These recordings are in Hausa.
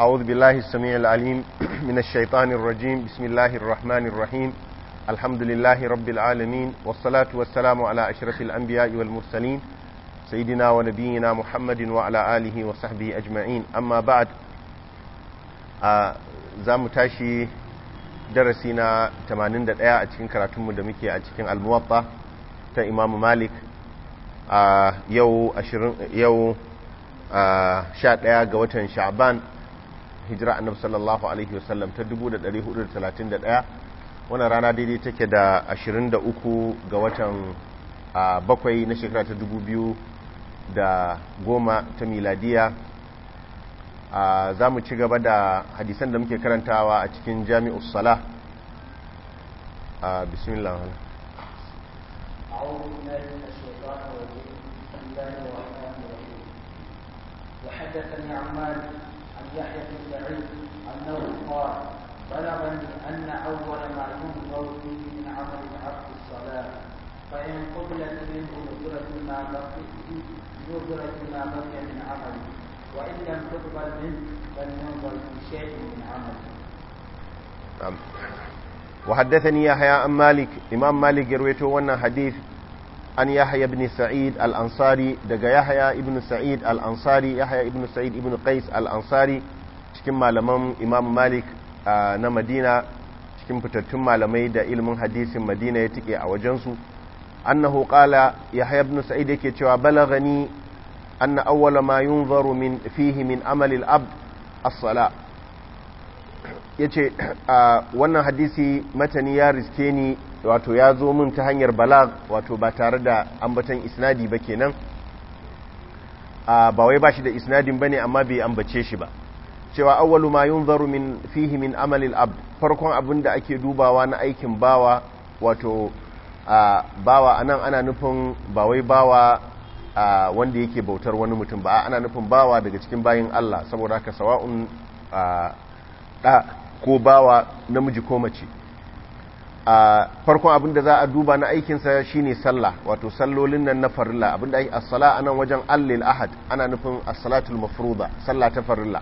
أعوذ بالله السميع العليم من الشيطان الرجيم بسم الله الرحمن الرحيم الحمد لله رب العالمين والصلاة والسلام على أشرف الأنبياء والمرسلين سيدنا ونبينا محمد وعلى آله وصحبه أجمعين أما بعد زام تاشي درسنا 81 أتكين كراتم دمكي أتكين الموطة تا إمام مالك يو أشر يو 11 ga watan sha'ban hijira annabi sallallahu alaihi wasallam ta 1431 wannan rana daidai take da 23 ga watan bakwai na shekara ta 2000 da goma ta miladiya za mu ci gaba da hadisan da muke karantawa a cikin jami'us salah bismillah وحدثني عن مالك يحيى بن سعيد أنه قال بلغني أن أول ما ينظر فيه من عمل العبد الصلاة فإن قبلت منه نظرة ما بقي نظرة ما بقي من عمله وإن لم تقبل منه فلينظر في شيء من عمله. نعم. وحدثني يحيى عن مالك إمام مالك يرويته وانا حديث an yahya ibn sa'id al-ansari daga yahya ibn sa'id al-ansari yahya ibn sa'id ibn qais al-ansari cikin malaman imam malik na madina cikin fitattun malamai da ilimin hadisin madina ya tike a wajensu annahu qala yahya ibn sa'id yake cewa balagani anna awwala ma yunzaru min fihi min amali al-abd as-sala yace wannan hadisi matani ya riske ni wato ya zo mun ta hanyar balag wato ba tare da ambatan isnadi ba kenan ba wai ba shi da isnadin ba ne amma bai ambace shi ba cewa awwalu ma yunzaru min fihi min amalil abd farkon abin da ake dubawa na aikin bawa wato bawa anan ana nufin ba wai bawa wanda yake bautar wani mutum ba ana nufin bawa daga cikin bayin Allah saboda haka sawa'un da ko bawa namiji ko mace a farkon abin da za a duba na aikinsa shine sallah wato sallolin nan na farilla abinda ake as-sala nan wajen allil ahad ana nufin as-salatul mafruḍa sallah ta farilla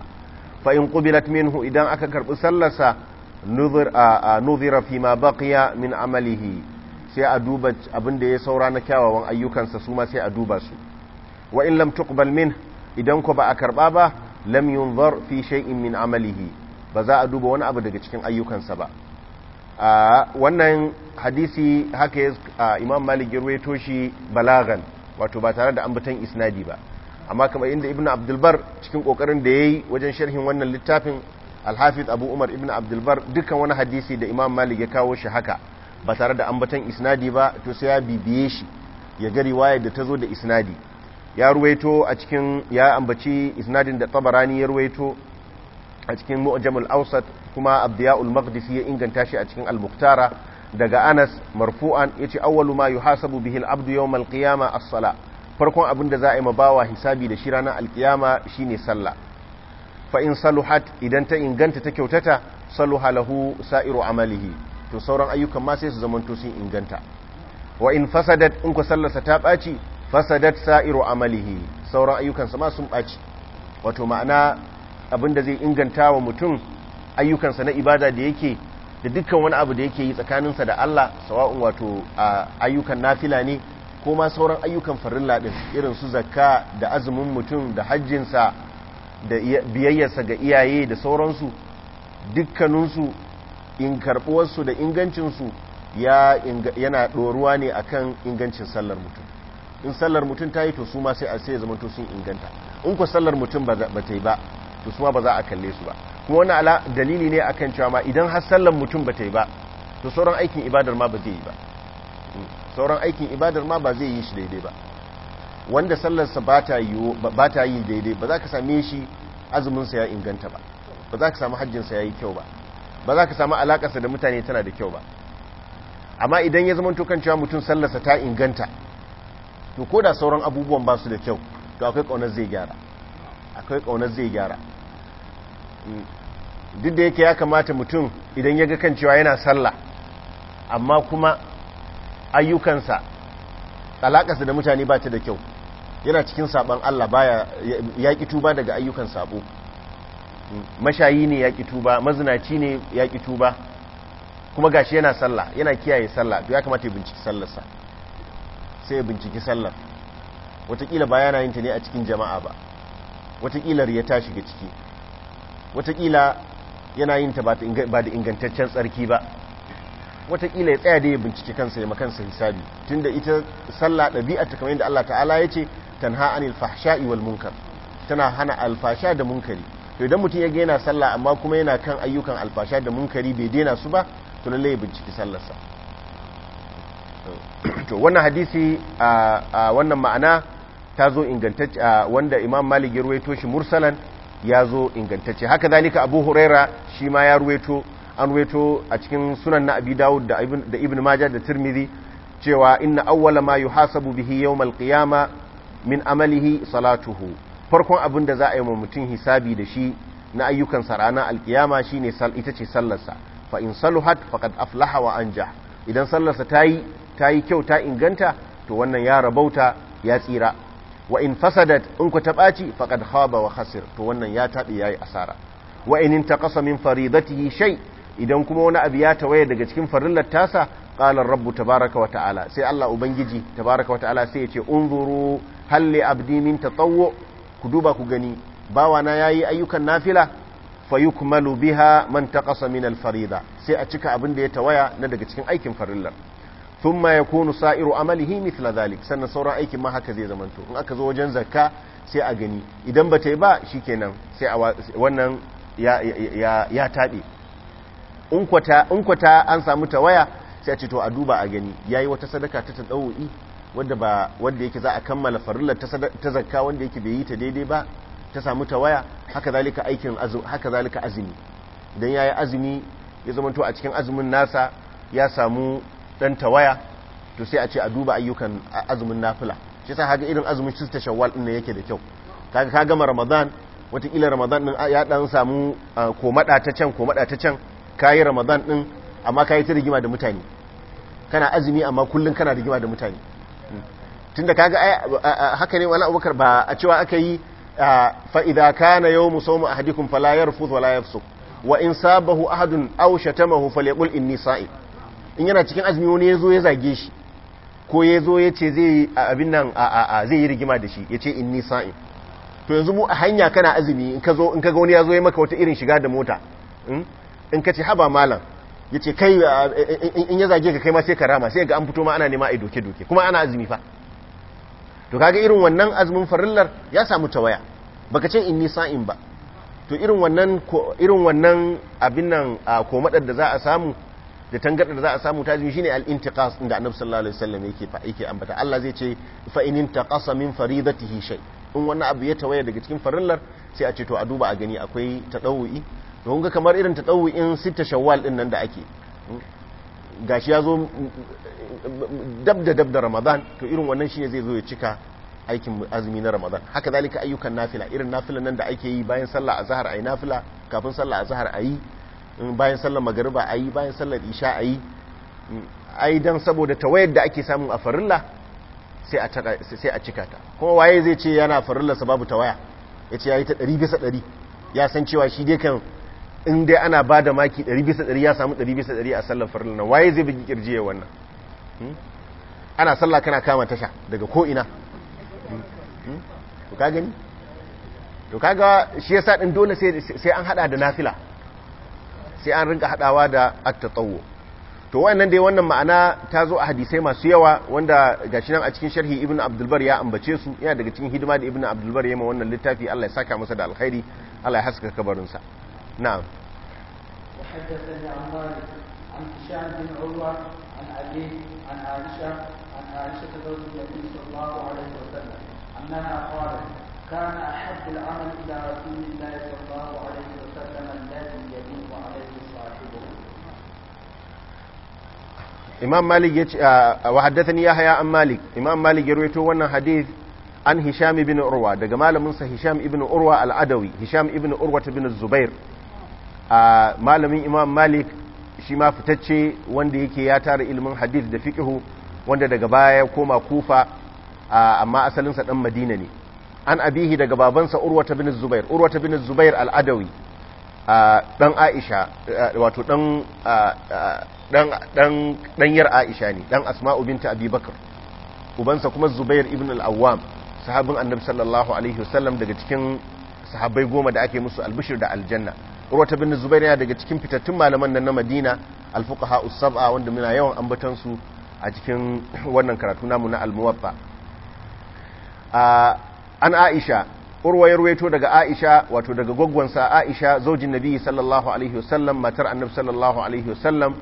fa in qubilat minhu idan aka karbi sallarsa nuzir a nuzira fi ma baqiya min amalihi sai a duba abin da ya saura na kyawawan ayyukansa su ma sai a duba su wa in lam tuqbal min idan ko ba a karba ba lam yunzar fi shay'in min amalihi ba za a duba wani abu daga cikin ayyukansa ba wannan hadisi haka imam malik ya ruwaito shi balagan wato ba tare da ambatan isnadi ba amma kamar inda ibn abdulbar cikin kokarin da ya yi wajen sharhin wannan littafin alhafiz abu umar ibn abdulbar dukkan wani hadisi da imam malik ya kawo shi haka ba tare da ambatan isnadi ba to sai ya bibiye shi ya gari waye da ta zo da isnadi ya ruwaito a cikin ya ambaci isnadin da tabarani ya ruwaito a cikin mu'jamul awsat kuma abdiya'ul maqdisi ya inganta shi a cikin al-muqtara daga Anas marfu'an yace awwalu ma yuhasabu bihi al-abdu yawm al-qiyama as-sala farkon abin da za a yi mabawa hisabi da shi ranar al-qiyama shine sallah fa in saluhat idan ta inganta ta kyautata saluha lahu sa'iru amalihi to sauran ayyukan ma sai su zamanta sun inganta wa in fasadat in ku sallarsa ta baci fasadat sa'iru amalihi sauran ayyukansa ma sun baci wato ma'ana da zai inganta wa mutum ayyukansa na ibada da yake da dukkan wani abu da yake yi tsakaninsa da Allah sawa'un wato ayyukan nafila ne ko ma sauran ayyukan farin din irin su zakka da azumin mutum da hajjinsa da biyayyarsa ga iyaye da sauransu dukkaninsu in karɓuwarsu da ingancinsu yana ɗoruwa ne akan ingancin sallar mutum in sallar mutum ta yi to su ma sai a sai zama to sun inganta in ku sallar mutum ba ta yi ba to su ma ba za a kalle su ba kuma wani ala dalili ne akan cewa ma idan har sallan mutum ba ta yi ba to sauran aikin ibadar ma ba zai yi ba hmm. sauran aikin ibadar ma ba zai yi shi daidai ba wanda sallarsa ba ta yi daidai ba za ka same shi azuminsa ya inganta ba ba za ka samu hajjinsa ya yi kyau ba ba za ka samu alakarsa da mutane tana da kyau ba amma idan ya zama kan cewa mutum sallarsa ta inganta to ko da sauran abubuwan ba su da kyau to akwai ƙaunar zai gyara akwai ƙaunar zai gyara duk da yake ya kamata mutum idan ya ga kan cewa yana sallah amma kuma ayyukansa alakarsa da mutane ba ta da kyau yana cikin saban Allah baya ya ƙi tuba daga ayyukan sabo mashayi ne ya ƙi tuba mazinaci ne ya ƙi tuba kuma gashi yana sallah yana kiyaye sallah to ya kamata ya binciki sallarsa sai ya binciki sallar watakila ba yana yin ta ne a cikin jama'a ba watakila ya tashi ga ciki watakila yana yin ta ba da ingantaccen tsarki ba watakila ya tsaya da ya bincike kansa ya makansa hisabi tunda ita sallah ɗabi'a ta kamar yadda Allah ta'ala ya ce tanha anil fahsha'i wal munkar tana hana alfasha da munkari to idan mutum ya ga yana sallah amma kuma yana kan ayyukan alfasha da munkari bai daina su ba to lalle ya binciki sallarsa to wannan hadisi a wannan ma'ana ta zo ingantacce wanda Imam Malik ya ruwaito shi mursalan ya zo ingantacce haka zalika abu huraira shi ma ya ruweto an ruweto a cikin sunan na abi dawud da ibn majah da tirmidhi cewa inna awwala ma yuhasabu bihi yawmal qiyama min amalihi salatuhu farkon abin da za a yi wa mutum hisabi da shi na ayyukan sa ranar alkiyama shine ita ce sallarsa fa in saluhat faqad aflaha wa anja idan sallarsa tayi tayi kyau ta inganta to wannan ya rabauta ya tsira wa in fasadat in ku ta ɓaci faƙad haba wa hasir, to wannan ya taɓi ya yi asara wa in ta ƙasa min faridatihi shai idan kuma wani abu ya tawaye daga cikin farillar tasa ƙalar rabbu tabaraka wa ta'ala sai Allah ubangiji tabaraka wa ta'ala sai ya ce unzuru halli abdi min tatawwu ku duba ku gani bawana yi ayyukan nafila fayukmalu biha man taqasa min al sai a cika abin da ya tawaya na daga cikin aikin farillar thumma yakunu sa'iru amalihi mithla dhalik sannan sauran aikin ma haka zai zamanto in aka zo wajen zakka sai a gani idan ba ta yi ba shikenan sai wannan ya ya ya tabe in kwata an samu ta waya sai a ce to a duba a gani yayi wata sadaka ta tadawi wanda ba wanda yake za a kammala farillar ta zakka wanda yake bai yi ta daidai ba ta samu waya haka zalika aikin haka zalika azumi idan yayi azumi ya zamanto a cikin azumin nasa ya samu dan tawaya to sai a ce a duba ayyukan azumin nafila shi sa haka irin azumin ta shawwal din ne yake da kyau kaga ka gama ramadan watakila ramadan din ya dan samu ko mada ta can ko mada ta can kayi ramadan din amma kayi ta rigima da mutane kana azumi amma kullun kana rigima da mutane hmm. tunda kaga haka ne wala abubakar ba a cewa aka yi fa idza kana yawmu sawmi ahadikum fala yarfudh wala yafsuk wa in sabahu ahadun aw shatamahu falyaqul inni sa'im in yana cikin azumi wani ya zo ya zage shi ko ya zo ya ce zai abin nan zai yi rigima da shi ya ce in nisa'in to yanzu mu a hanya kana azumi in ka zo in ka ga wani ya zo ya maka wata irin shiga da mota hmm, in ka ce haba malam ya ce kai in ya zage ka kai ma sai ka rama sai ga an fito ma ana nema a doke-doke kuma ana azumi fa to kaga irin wannan azumin farillar ya samu tawaya baka ce in nisa'in ba to irin wannan irin wannan abin nan madar da za a samu da tangarɗar za a samu ta shi ne al’intiƙas inda annabi sallallahu alaihi wasallam yake fa yake ambata Allah zai ce fainin ta ƙasa min faridatihi in wani abu ya tawaye daga cikin farillar sai a ce to a duba a gani akwai tadawwi don ga kamar irin in sita shawwal ɗin nan da ake gashi ya zo dab da dab da ramadan to irin wannan shi ne zai zo ya cika aikin azumi na ramadan haka zalika ayyukan nafila irin nafila nan da ake yi bayan sallah azhar ayi nafila kafin sallah azhar ayi bayan sallar magariba a yi bayan sallar isha a yi yi don saboda wayar da ake samun a farilla sai a cika ta kuma waye zai ce yana sa babu waya ya ce ya yi ta ɗari bisa ɗari ya san cewa shi dai kan in dai ana ba da maki ɗari bisa ɗari ya samu ɗari bisa ɗari a sallar farilla na waye zai bugi kirjiye wannan hmm? ana sallah kana kama tasha daga ko'ina hmm? Hmm? to ka gani to kaga shi sa ɗin dole sai an haɗa da nafila sai an rinka hadawa da at-tatawwu to wannan dai wannan ma'ana ta zo a hadisai masu yawa wanda gashi nan a cikin sharhi ibnu abdul bar ya ambace su yana daga cikin hidima da ibnu abdul bar ya wannan littafi Allah ya saka masa da alkhairi Allah ya haska kabarin sa na'am كان أحب العمل إلى رسول الله صلى الله عليه وسلم الذي imam malik ya ce wa haddathani yahya an malik imam malik ya rawaito wannan hadith an hisham ibn urwa daga malamin sa hisham ibn urwa al-adawi hisham ibn urwa ibn zubair malamin imam malik shi ma fitacce wanda yake ya tara ilimin hadith da fiqhu wanda daga baya ya koma kufa amma asalinsa dan madina ne an abihi daga babansa urwa ibn zubair urwa ibn zubair al-adawi dan aisha wato dan dan aisha ne dan asma'u binta abubakar ubansa kuma zubair ibn al-awwam sahabin annabi sallallahu alaihi wasallam daga cikin sahabbai goma da ake musu albishir da aljanna urwata bin zubair yana daga cikin fitattun malaman nan na madina al-fuqaha us-sab'a wanda muna yawan ambatan su a cikin wannan karatu namu na al-muwatta an aisha urwa ya ruwaito daga aisha wato daga gwaggwansa aisha zojin nabi sallallahu alaihi wasallam matar annab sallallahu alaihi wasallam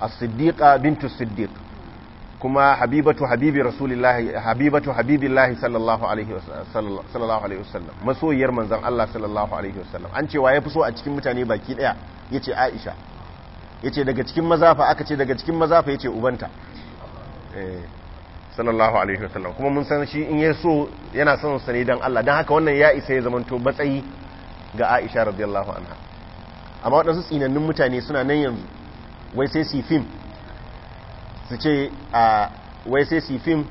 as-siddiqa bintu siddiq kuma habibatu habibi rasulillahi habibatu habibillahi sallallahu alaihi wasallam sallallahu alaihi wasallam masoyiyar manzon Allah sallallahu alaihi wasallam an ce ya fi so a cikin mutane baki daya yace aisha yace daga cikin mazafa aka ce daga cikin mazafa yace ubanta eh sallallahu alaihi wasallam kuma mun san shi in ya so yana son sa ne dan Allah dan haka wannan ya isa ya zamanto matsayi ga Aisha radiyallahu anha amma waɗansu tsinannun mutane suna nan yanzu wai sai su fim su ce a wai sai su film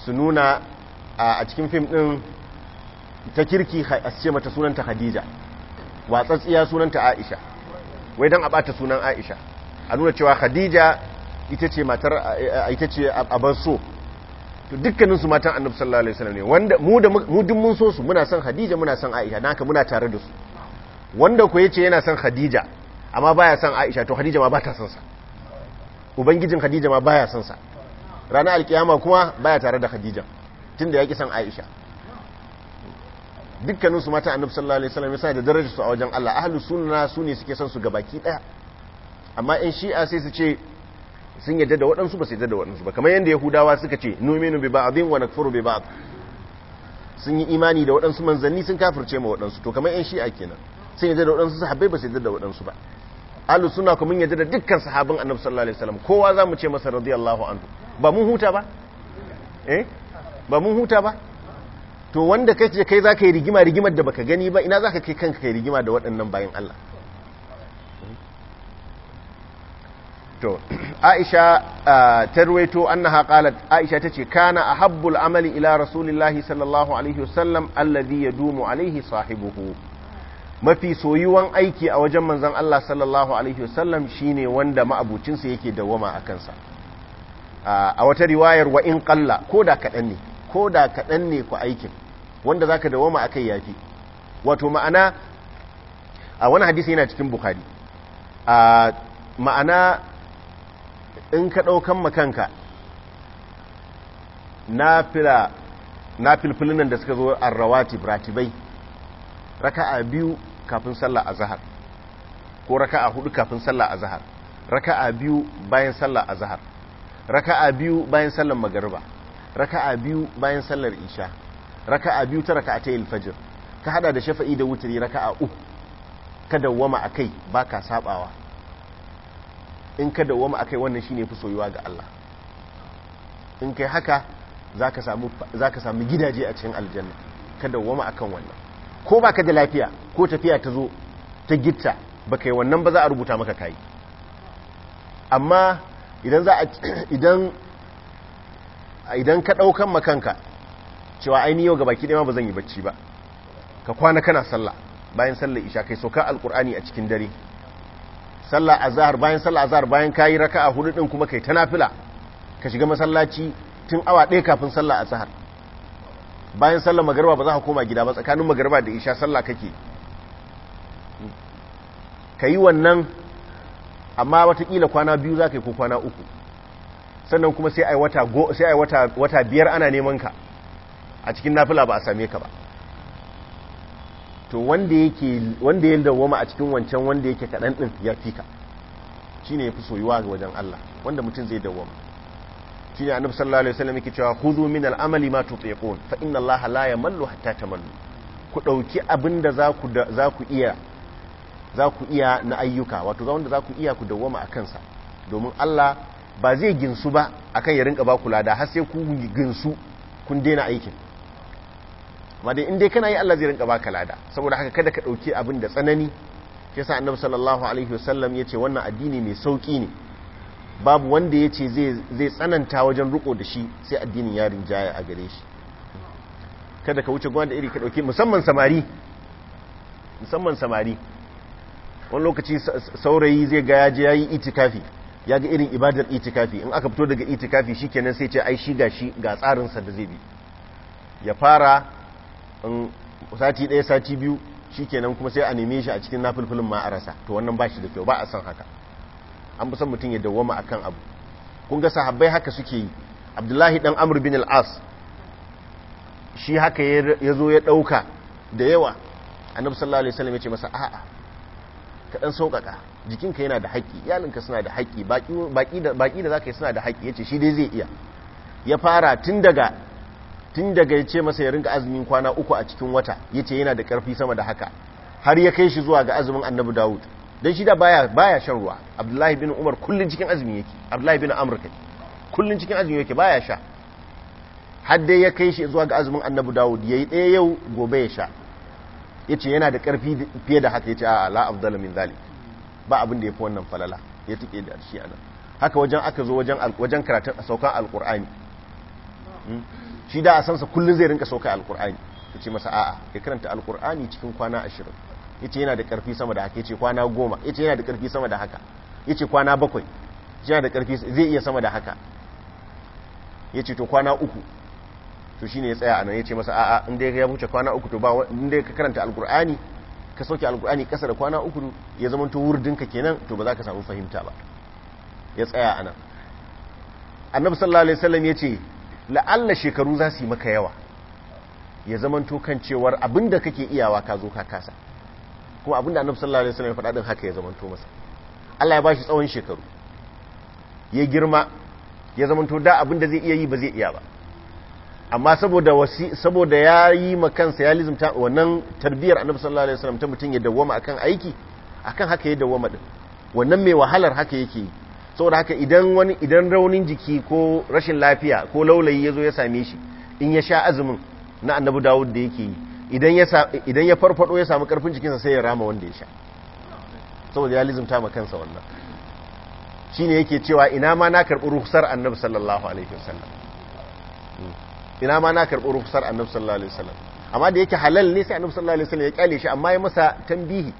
su nuna a cikin film din ta kirki a ce mata sunanta Khadija watsatsiya sunanta Aisha wai dan a bata sunan Aisha a nuna cewa Khadija ita ce matar ita ce abar so to dukkanin su matan annabi sallallahu alaihi wasallam ne wanda mu da mu duk mun so su muna son Khadija muna son Aisha naka muna tare da su wanda ko yace yana son Khadija amma baya son Aisha to Khadija ma ba ta son sa ubangijin Khadija ma baya son sa ranar alkiyama kuma baya tare da Khadija tunda yake son Aisha dukkanin su matan annabi sallallahu alaihi wasallam yasa da darajar su a wajen Allah ahlus sunna su ne suke son su gabaki daya amma in shi'a sai su ce sun yadda da waɗansu ba su yadda da waɗansu ba kamar yadda yahudawa suka ce nominu bi ba'dhin wa nakfuru bi ba'd sun yi imani da waɗansu manzanni sun kafirce ma waɗansu to kamar yan shi'a kenan sun yadda da waɗansu sahabbai ba su yadda da waɗansu ba alu suna kuma mun yadda da dukkan sahabban annabi sallallahu alaihi wasallam kowa za mu ce masa radiyallahu anhu ba mun huta ba eh ba mun huta ba to wanda kace kai zaka yi rigima rigimar da baka gani ba ina zaka kai kanka kai rigima da waɗannan bayan Allah to aisha ah, ta ruwaito annaha qalat aisha tace kana ahabbul amali ila rasulillahi sallallahu alaihi wasallam alladhi yadumu alaihi sahibuhu mafi soyuwan aiki a wajen manzon Allah sallallahu alaihi wasallam shine wanda ma'abucinsa yake dawoma a kansa ah, a wata riwayar wa in qalla koda kadan ne koda kadan ne ku aikin wanda zaka dawama akai yafi wato ma'ana a ah, wani hadisi yana cikin bukhari a ma'ana in ka ɗaukan makanka na filfilinan da suka zo a rawati ratibai raka'a biyu kafin sallah zahar, ko raka'a hudu kafin sallah zahar. raka'a biyu bayan sallah zahar. raka'a biyu bayan sallar magariba raka'a biyu bayan sallar isha raka'a biyu ta raka'atayil fajr ka hada da shafa'i da wutri raka'a uku ka dawwama ba ka sabawa in ka dawwama akai wannan shine fi soyuwa ga Allah in kai haka zaka samu zaka samu gidaje a cikin aljanna ka dawwama akan wannan ko baka da lafiya ko tafiya ta zo ta gitta baka yi wannan ba za a rubuta maka kai amma idan za a idan idan ka daukan makanka cewa ni yau ga baki ma ba zan yi bacci ba ka kwana kana sallah bayan sallar isha kai sauka alkur'ani a cikin dare sallah azhar bayan sallah azhar bayan kayi raka'a hudu din kuma kai ta nafila ka shiga masallaci tun awa ɗaya kafin sallah azhar bayan sallah magariba ba za ka koma gida ba tsakanin magariba da isha sallah kake kayi wannan amma watakila kwana biyu za yi ko kwana uku sannan kuma sai ai wata wata biyar ana neman ka a cikin nafila ba a same ka ba to wanda yake wanda ya dawoma a cikin wancan wanda yake kaɗan ɗin ya fika shine yafi soyuwa ga wajen Allah wanda mutum zai dawoma shine annabi sallallahu alaihi wasallam yake cewa khudhu min al-amali ma tutiqun fa inna Allah la yamallu hatta tamallu ku dauki abinda za ku za ku iya za ku iya na ayyuka wato wanda za ku iya ku dawoma a kansa domin Allah ba zai ginsu ba akan ya rinka ba kula da har sai ku ginsu kun daina aikin amma dai in dai kana yi Allah zai rinka baka lada saboda haka kada ka dauki abin da tsanani shi yasa annabi sallallahu alaihi wasallam yace wannan addini mai sauki ne babu wanda yace zai zai tsananta wajen riko da shi sai addinin ya rinjaya a gare shi kada ka wuce gwanda iri ka dauki musamman samari musamman samari wani lokaci saurayi zai ga yaje yayi itikafi ya ga irin ibadar itikafi in aka fito daga itikafi shikenan sai ce ai shi ga ga tsarin sa da zai bi ya fara sati ɗaya sati biyu shi kenan kuma sai a neme shi a cikin nafilfilin ma a rasa to wannan ba shi da kyau ba a san haka an fi son mutum ya dawwama akan abu kun ga sahabbai haka suke yi abdullahi dan Amur bin al-as shi haka ya zo ya ɗauka da yawa annabi sallallahu alaihi wasallam ya ce masa a'a ka dan sauƙaƙa jikinka yana da haƙƙi iyalinka suna da haƙƙi baki da baki da zaka yi suna da haƙƙi yace shi dai zai iya ya fara tun daga tun daga ya ce masa ya ringa azumin kwana uku a cikin wata ya ce yana da ƙarfi sama da haka har ya kai shi zuwa ga azumin annabi dawud don shi da baya, shan ruwa abdullahi bin umar kullum cikin azumi yake abdullahi bin amurka kullum cikin azumi yake baya sha har dai ya kai shi zuwa ga azumin annabi dawud ya yi ɗaya yau gobe ya sha ya ce yana da ƙarfi fiye da haka ya ce a la min zalik ba abin da ya fi wannan falala ya tuƙe da shi anan haka wajen aka zo wajen karatun saukan alkur'ani. Hmm? shi da a sansa kullum zai rinka sauka alkur'ani ta ce masa a'a ya karanta alkur'ani cikin kwana ashirin ya ce yana da ƙarfi sama da haka ya ce kwana goma ya ce yana da ƙarfi sama da haka ya ce kwana bakwai yana da ƙarfi zai iya sama da haka ya ce to kwana uku to ne ya tsaya anan ya ce masa a'a inda ya wuce kwana uku to ba inda ka karanta alkur'ani ka sauke alkur'ani ƙasa da kwana uku ya zama to wurdinka kenan to ba za ka samu fahimta ba ya tsaya anan annabi sallallahu alaihi wasallam ya ce la'alla shekaru za su yi maka yawa ya zamanto kan cewar abinda kake iyawa ka zo ka kasa kuma abinda annabi sallallahu alaihi wasallam ya faɗa din haka ya zamanto masa Allah ya bashi tsawon shekaru ya girma ya zamanto da abinda zai iya yi ba zai iya ba amma saboda wasi saboda ya yi ma kansa ya lizumta wannan tarbiyar annabi sallallahu alaihi wasallam ta mutun ya dawwama akan aiki akan haka ya dawwama din wannan mai wahalar haka yake yi da haka idan wani idan raunin jiki ko rashin lafiya ko laulayi ya zo ya same shi in ya sha azumin na annabu dawud da yake yi idan ya ya farfado ya samu karfin jikinsa sai ya rama wanda ya sha saboda ya lizimta ma kansa wannan shi ne yake cewa ina ma na karɓi rufusar annabu sallallahu alaihi wasallam hmm. ina ma na karɓi rufusar annabu sallallahu alaihi wasallam amma da yake halal ne sai annabu sallallahu alaihi wasallam ya kyale shi amma ya masa tambihi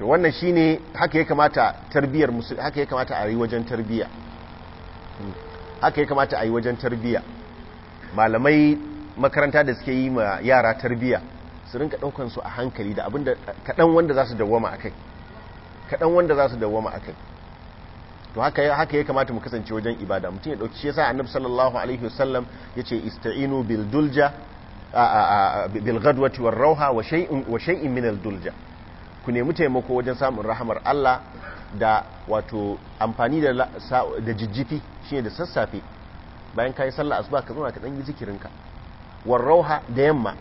to wannan shi ne haka ya kamata tarbiyyar musulmi haka ya kamata a yi wajen tarbiyya hmm. haka ya kamata a yi wajen tarbiyya malamai makaranta da suke yi ma yara tarbiyya su rinka ɗaukan su a hankali da abinda kaɗan wanda za su dawwama akai kaɗan wanda za su dawwama akai to haka ya kamata mu kasance wajen ibada mutum ya ɗauki shi yasa annabi sallallahu alaihi wasallam ce ista'inu bil dulja bil gadwati war rauha wa shay'in wa shay'in min al dulja ku nemi taimako wajen samun rahamar Allah da wato amfani da da jijjifi shine da sassafe bayan kai sallah asuba ka zauna ka dan yi zikirinka war rauha da yamma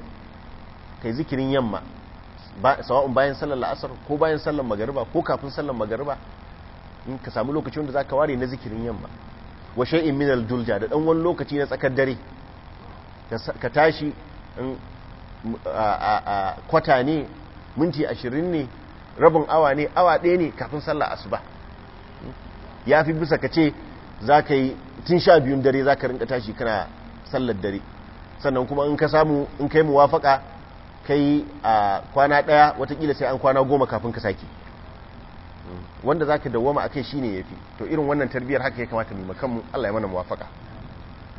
kai zikirin yamma sawa'un bayan sallar la'asar ko bayan sallar magariba ko kafin sallar magariba in ka samu lokacin da zaka ware na zikirin yamma wa shay'in min al-dulja da dan wani lokaci na tsakar dare ka tashi kwata ne minti ashirin ne rabin awa ne awa ɗaya ne kafin sallar asuba ya fi bisa ka ce za ka yi tun sha biyun dare za ka rinka tashi kana sallar dare sannan kuma in ka samu in kai muwafaka kai a kwana ɗaya watakila sai an kwana goma kafin ka sake wanda za ka dawwama a kai shi ne ya fi to irin wannan tarbiyyar haka ya kamata mu makamu allah ya mana muwafaka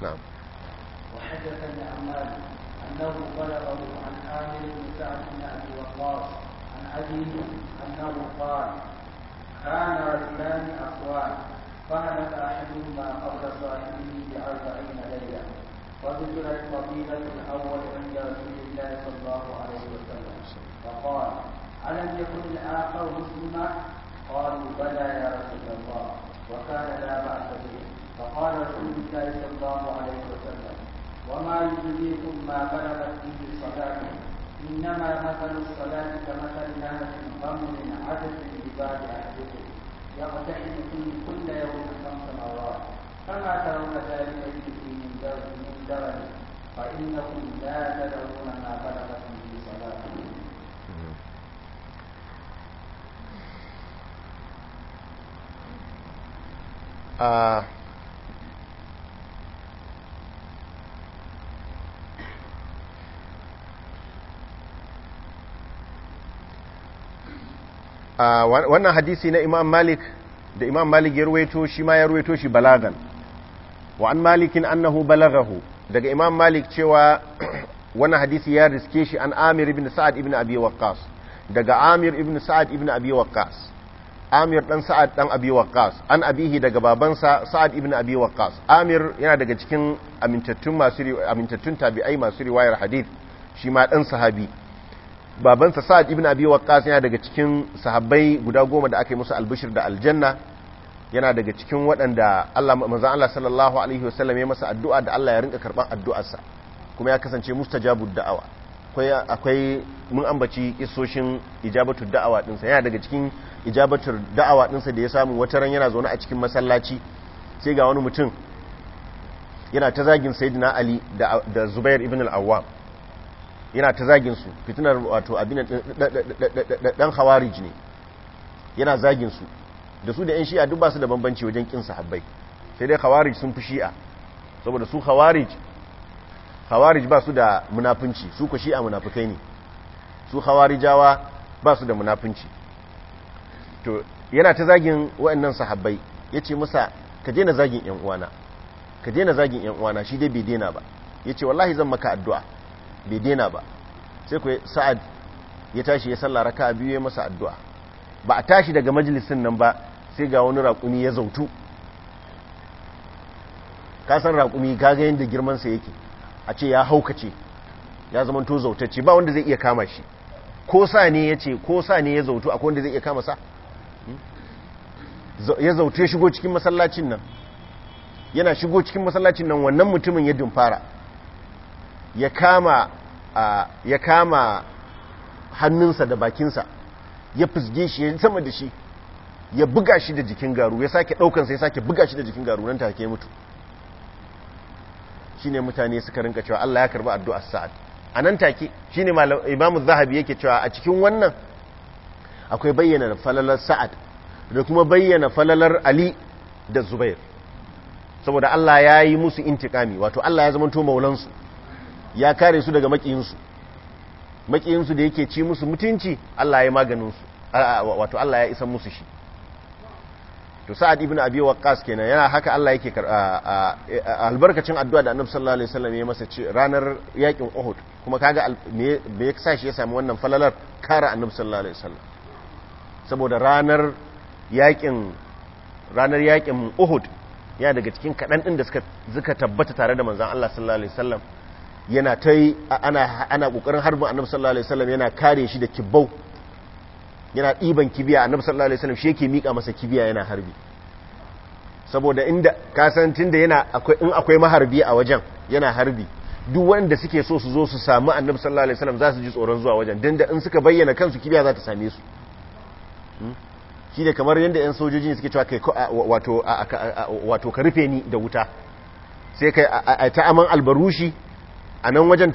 na'am عباس عن أبي أنه قال كان رجلان أخوان فهلك أحدهما قبل صاحبه بأربعين ليلة وذكرت فضيلة الأول عند رسول الله صلى الله عليه وسلم فقال ألم يكن الآخر مسلما؟ قالوا بلى يا رسول الله وكان لا بأس به فقال رسول الله صلى الله عليه وسلم وما يدريكم ما بلغت به صلاتكم إنما مثل الصلاة كمثل نهر غمر عدد بباب أحدكم يقتحم فيه كل يوم خمس مرات فما ترون ذلك فيه من درج من درج فإنكم لا تدعون ما بلغكم في صلاتكم Uh... آه، wannan hadisi na imam malik da imam malik ya ruwaito shi ma ya ruwaito shi balagan wa an malikin annahu balagahu daga imam malik cewa wannan hadisi ya riske shi an amir ibn sa'ad ibn abi waqqas daga amir ibn sa'ad ibn abi waqqas amir dan sa'ad dan abi waqqas an abihi daga babansa sa'ad ibn abi waqqas amir yana daga cikin amintattun masu amintattun tabi'ai masu riwayar hadith shi ma dan sahabi babansa sa'ad ibn abi waqqas yana daga cikin sahabbai guda goma da aka yi musu albishir da aljanna yana daga cikin waɗanda Allah manzo Allah sallallahu alaihi wasallam ya masa addu'a da Allah ya rinka karban addu'arsa kuma ya kasance mustajabud da'awa akwai akwai mun ambaci isoshin ijabatu da'awa dinsa yana daga cikin ijabatu da'awa dinsa da ya samu wata ran yana zaune a cikin masallaci sai ga wani mutum yana ta zagin sayyidina Ali da Zubair ibn al-Awwam yana ta zagin su fitinar wato abin dan khawarij ne yana zagin su da su da yan shi'a duk ba su da bambanci wajen kin sahabbai sai dai khawarij sun fi shi'a saboda su khawarij khawarij ba su da munafunci su ku shi'a munafukai ne su khawarijawa ba su da munafunci to yana ta zagin waɗannan sahabbai yace masa ka daina zagin yan uwana ka daina zagin yan uwana shi dai bai daina ba yace wallahi zan maka addu'a bai daina ba sai ku sa'ad ya tashi ya sallah raka biyu ya masa addu'a ba a tashi daga majalisin nan ba sai ga wani raƙumi ya zautu san raƙumi kaga yadda girmansa yake a ce ya haukace ya zama to zautacce ba wanda zai iya kama shi ko sa ne ya ce ko sa ne ya zautu akwai wanda zai iya kama sa hmm? ya ya shigo cikin masallacin nan yana shigo cikin masallacin nan wannan mutumin ya dumfara ya kama ya kama hannunsa da bakinsa ya fusge shi ya sama da shi ya buga shi da jikin garu ya sake daukansa ya sake buga shi da jikin garu nan take mutu shine mutane suka rinka cewa Allah ya karba addu'ar sa'ad anan take shine imamu zahabi yake cewa a cikin wannan akwai bayyana falalar sa'ad da kuma bayyana falalar ali da zubair saboda Allah ya yi musu intikami wato Allah ya zama to maulansu ya kare su daga makiyinsu makiyinsu da yake ci musu mutunci Allah ya maganin su wato Allah ya isa musu shi to sa'ad ibn abi waqqas kenan yana haka Allah yake albarkacin addu'a da annabi sallallahu alaihi wasallam ya masa ce ranar yakin Uhud kuma kaga me ya sa shi ya sami wannan falalar kare annabi sallallahu alaihi wasallam saboda ranar yakin ranar yakin Uhud ya daga cikin kadan din da suka tabbata tare da manzon Allah sallallahu alaihi wasallam yana ta yi ana ƙoƙarin harbin annabi sallallahu alaihi wasallam yana kare shi da kibbau yana ɗiban kibiya annabi sallallahu alaihi wasallam shi yake mika masa kibiya yana harbi saboda inda kasantin da yana in akwai maharbi a wajen yana harbi duk wanda suke so su zo su samu annabi sallallahu alaihi wasallam za su ji tsoron zuwa wajen dan da in suka bayyana kansu kibiya za ta same su hmm? shi ne kamar yadda 'yan sojoji suke cewa kai wato ka rufe ni da wuta sai kai ta aman albarushi a nan wajen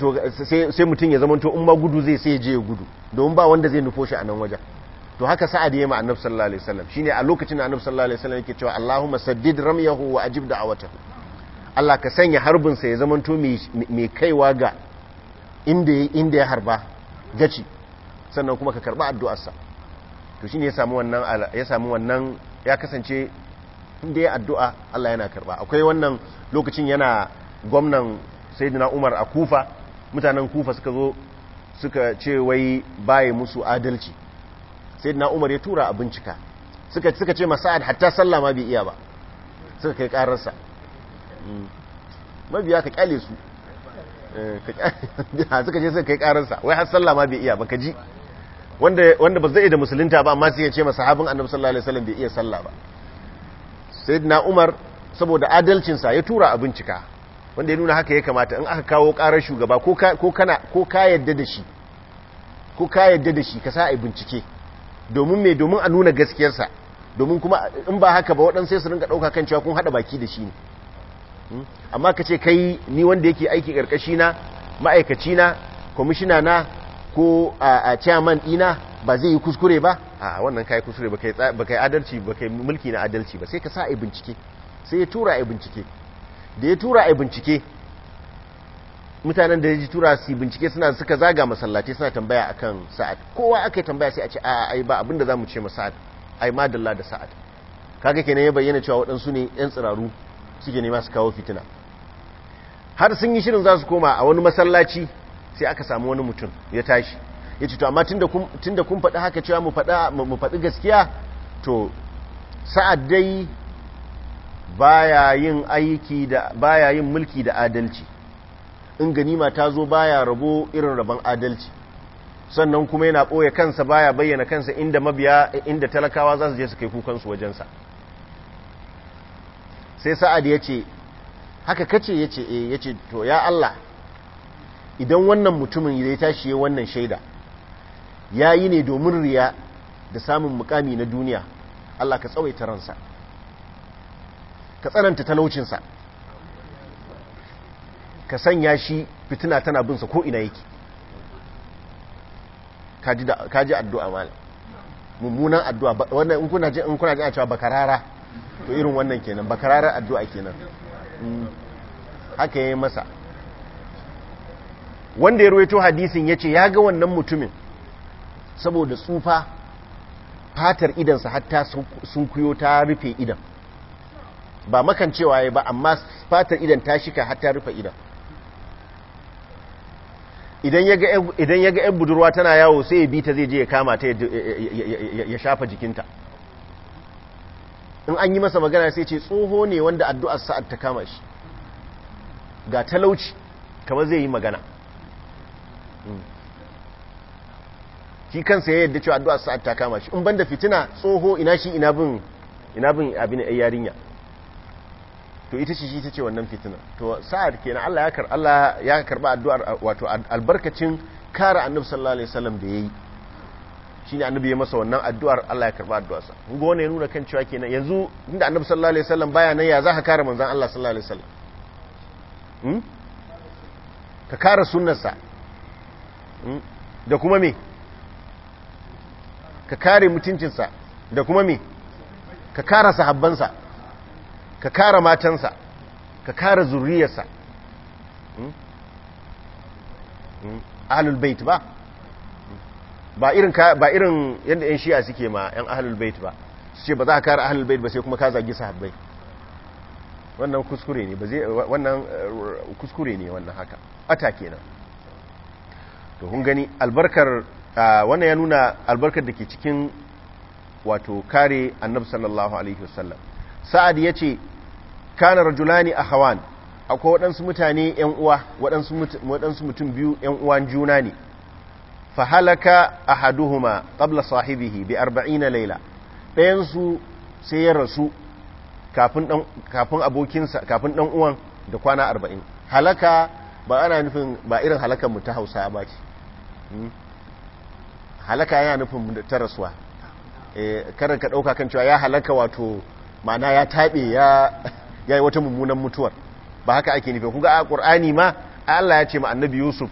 sai mutum ya zamanto in ma gudu zai sai je gudu domin ba wanda zai nufo shi a nan wajen to haka sa'ad ya ma annabi sallallahu alaihi wasallam shine a lokacin annabi sallallahu alaihi wasallam yake cewa Allahumma saddid ramyahu wa ajib da'awatahu Allah ka sanya harbin sa ya zamanto mai kaiwa ga inda inda ya harba gaci sannan kuma ka karba addu'ar sa to shine ya samu wannan ya samu wannan ya kasance inda ya addu'a Allah yana karba akwai wannan lokacin yana gwamnan sayyidina umar a kufa mutanen kufa suka zo suka ce wai baye musu adalci sayyidina umar ya tura a bincika suka suka ce masa'ad hatta sallah ma bai iya ba suka kai kararsa mm. mabiya ka kyale su eh, suka ce suka kai kararsa wai har sallah ma bai iya ba ka ji wanda ba zai da musulunta ba amma sai ya ce masa sahabin annabi sallallahu alaihi wasallam bai iya sallah ba sayyidina umar saboda adalcinsa ya tura a bincika wanda ya nuna haka ya kamata in aka kawo karar shugaba ko kana ko ka yadda da shi ko ka yadda da shi ka sa a bincike domin me domin a nuna gaskiyarsa domin kuma in ba haka ba waɗansu sai su rinka ɗauka kan cewa kun haɗa baki da shi ne hmm? amma ka ce kai ni wanda yake aiki ƙarƙashi na ma'aikaci na kwamishina na ko a chairman ɗina ba zai yi kuskure ba a wannan ka kuskure ba kai adalci ba kai mulki na adalci ba sai ka sa a bincike sai ya tura a bincike da ya tura a bincike mutanen da ya ji tura su bincike suna suka zaga masallaci suna tambaya a kan sa'ad kowa aka yi tambaya sai a ce a yi ba abinda mu ce ma sa'ad yi madalla da sa'ad kaga kenan ya bayyana cewa waɗansu ne yan tsiraru suke nema su kawo fitina har sun yi shirin za su koma a wani masallaci sai aka samu wani mutum ya tashi ya ce to amma tun da kun faɗi haka cewa mu faɗi gaskiya to sa'ad dai baya yin mulki da adalci in ganima ta zo baya rabo irin rabon adalci sannan kuma yana ɓoye kansa baya bayyana kansa inda mabiya inda talakawa za su je su kai kukansu wajensa sai sa'ad ya ce haka kace ya ce eh ya ce to ya Allah idan wannan mutumin ya tashi ya wannan shaida ya yi ne domin riya da samun mukami na duniya Allah ka tsawaita ransa ka tsananta talaucinsa ka sanya shi fitina tana binsa ko ina yake kaji addu'a mala mummunan addu'a wannan in kuna jin a cewa bakarara to irin wannan kenan bakarara addu'a kenan mm. haka yayi masa wanda ya ruwaito hadisin yace ya ga wannan mutumin saboda tsufa fatar idansa hatta sun kuyo ta rufe idan ba cewa ya ba amma fatar idan ta shika har ta rufe idan idan ya ga ‘yan budurwa tana yawo sai ya bi zai je ya kama ta ya shafa jikinta in an yi masa magana sai ce tsoho ne wanda addu'ar sa'ad ta kama shi ga talauci kama zai yi magana ki hmm. kansa ya yadda cewa addu'ar sa'ad ta kama shi in banda fitina tsoho ina shi ina bin abin yarinya to ita ce ita ce wannan fitina to sa'ad kenan Allah ya kar Allah ya karba addu'ar wato albarkacin kare annabi sallallahu alaihi wasallam da yayi shine annabi ya masa wannan addu'ar Allah ya karba addu'arsa mun ga ya nuna kan cewa kenan yanzu inda annabi sallallahu alaihi wasallam baya nan ya za ka kare manzon Allah sallallahu alaihi wasallam hmm? ka kare sunnarsa hmm? da kuma me ka kare mutuncinsa da kuma me ka kare sahabbansa ka kara matansa ka kara zurriyarsa hmm? hmm? ahalul bait ba hmm? ba irin ba irin yanda yan shi'a suke ma yan ahalul bait ba su ce ba za ka kara ahalul bait ba sai kuma ka zagi sahabbai wannan kuskure ne ba zai wannan eh, kuskure ne wannan haka ata kenan to kun gani albarkar ah, wannan ya nuna albarkar da ke cikin wato kare annabi sallallahu alaihi wasallam sa'ad yace kana rajulani akhawan akwai waɗansu mutane ‘yan uwa waɗansu mutum biyu ‘yan uwan juna ne fa halaka ahaduhuma qabla sahibihi bi na laila ɗayansu sai ya rasu kafin kafin ɗan uwan da kwana arba'in halaka ba ana nufin ba irin halakan mu ta hausa ba ce hmm? halaka yana nufin ta rasuwa eh, karin ka ɗauka kan cewa ya halaka wato ma'ana ya taɓe ya yayi wata mummunan mutuwar ba haka ake nufi kuga a qur'ani ma Allah ya ce ma annabi Yusuf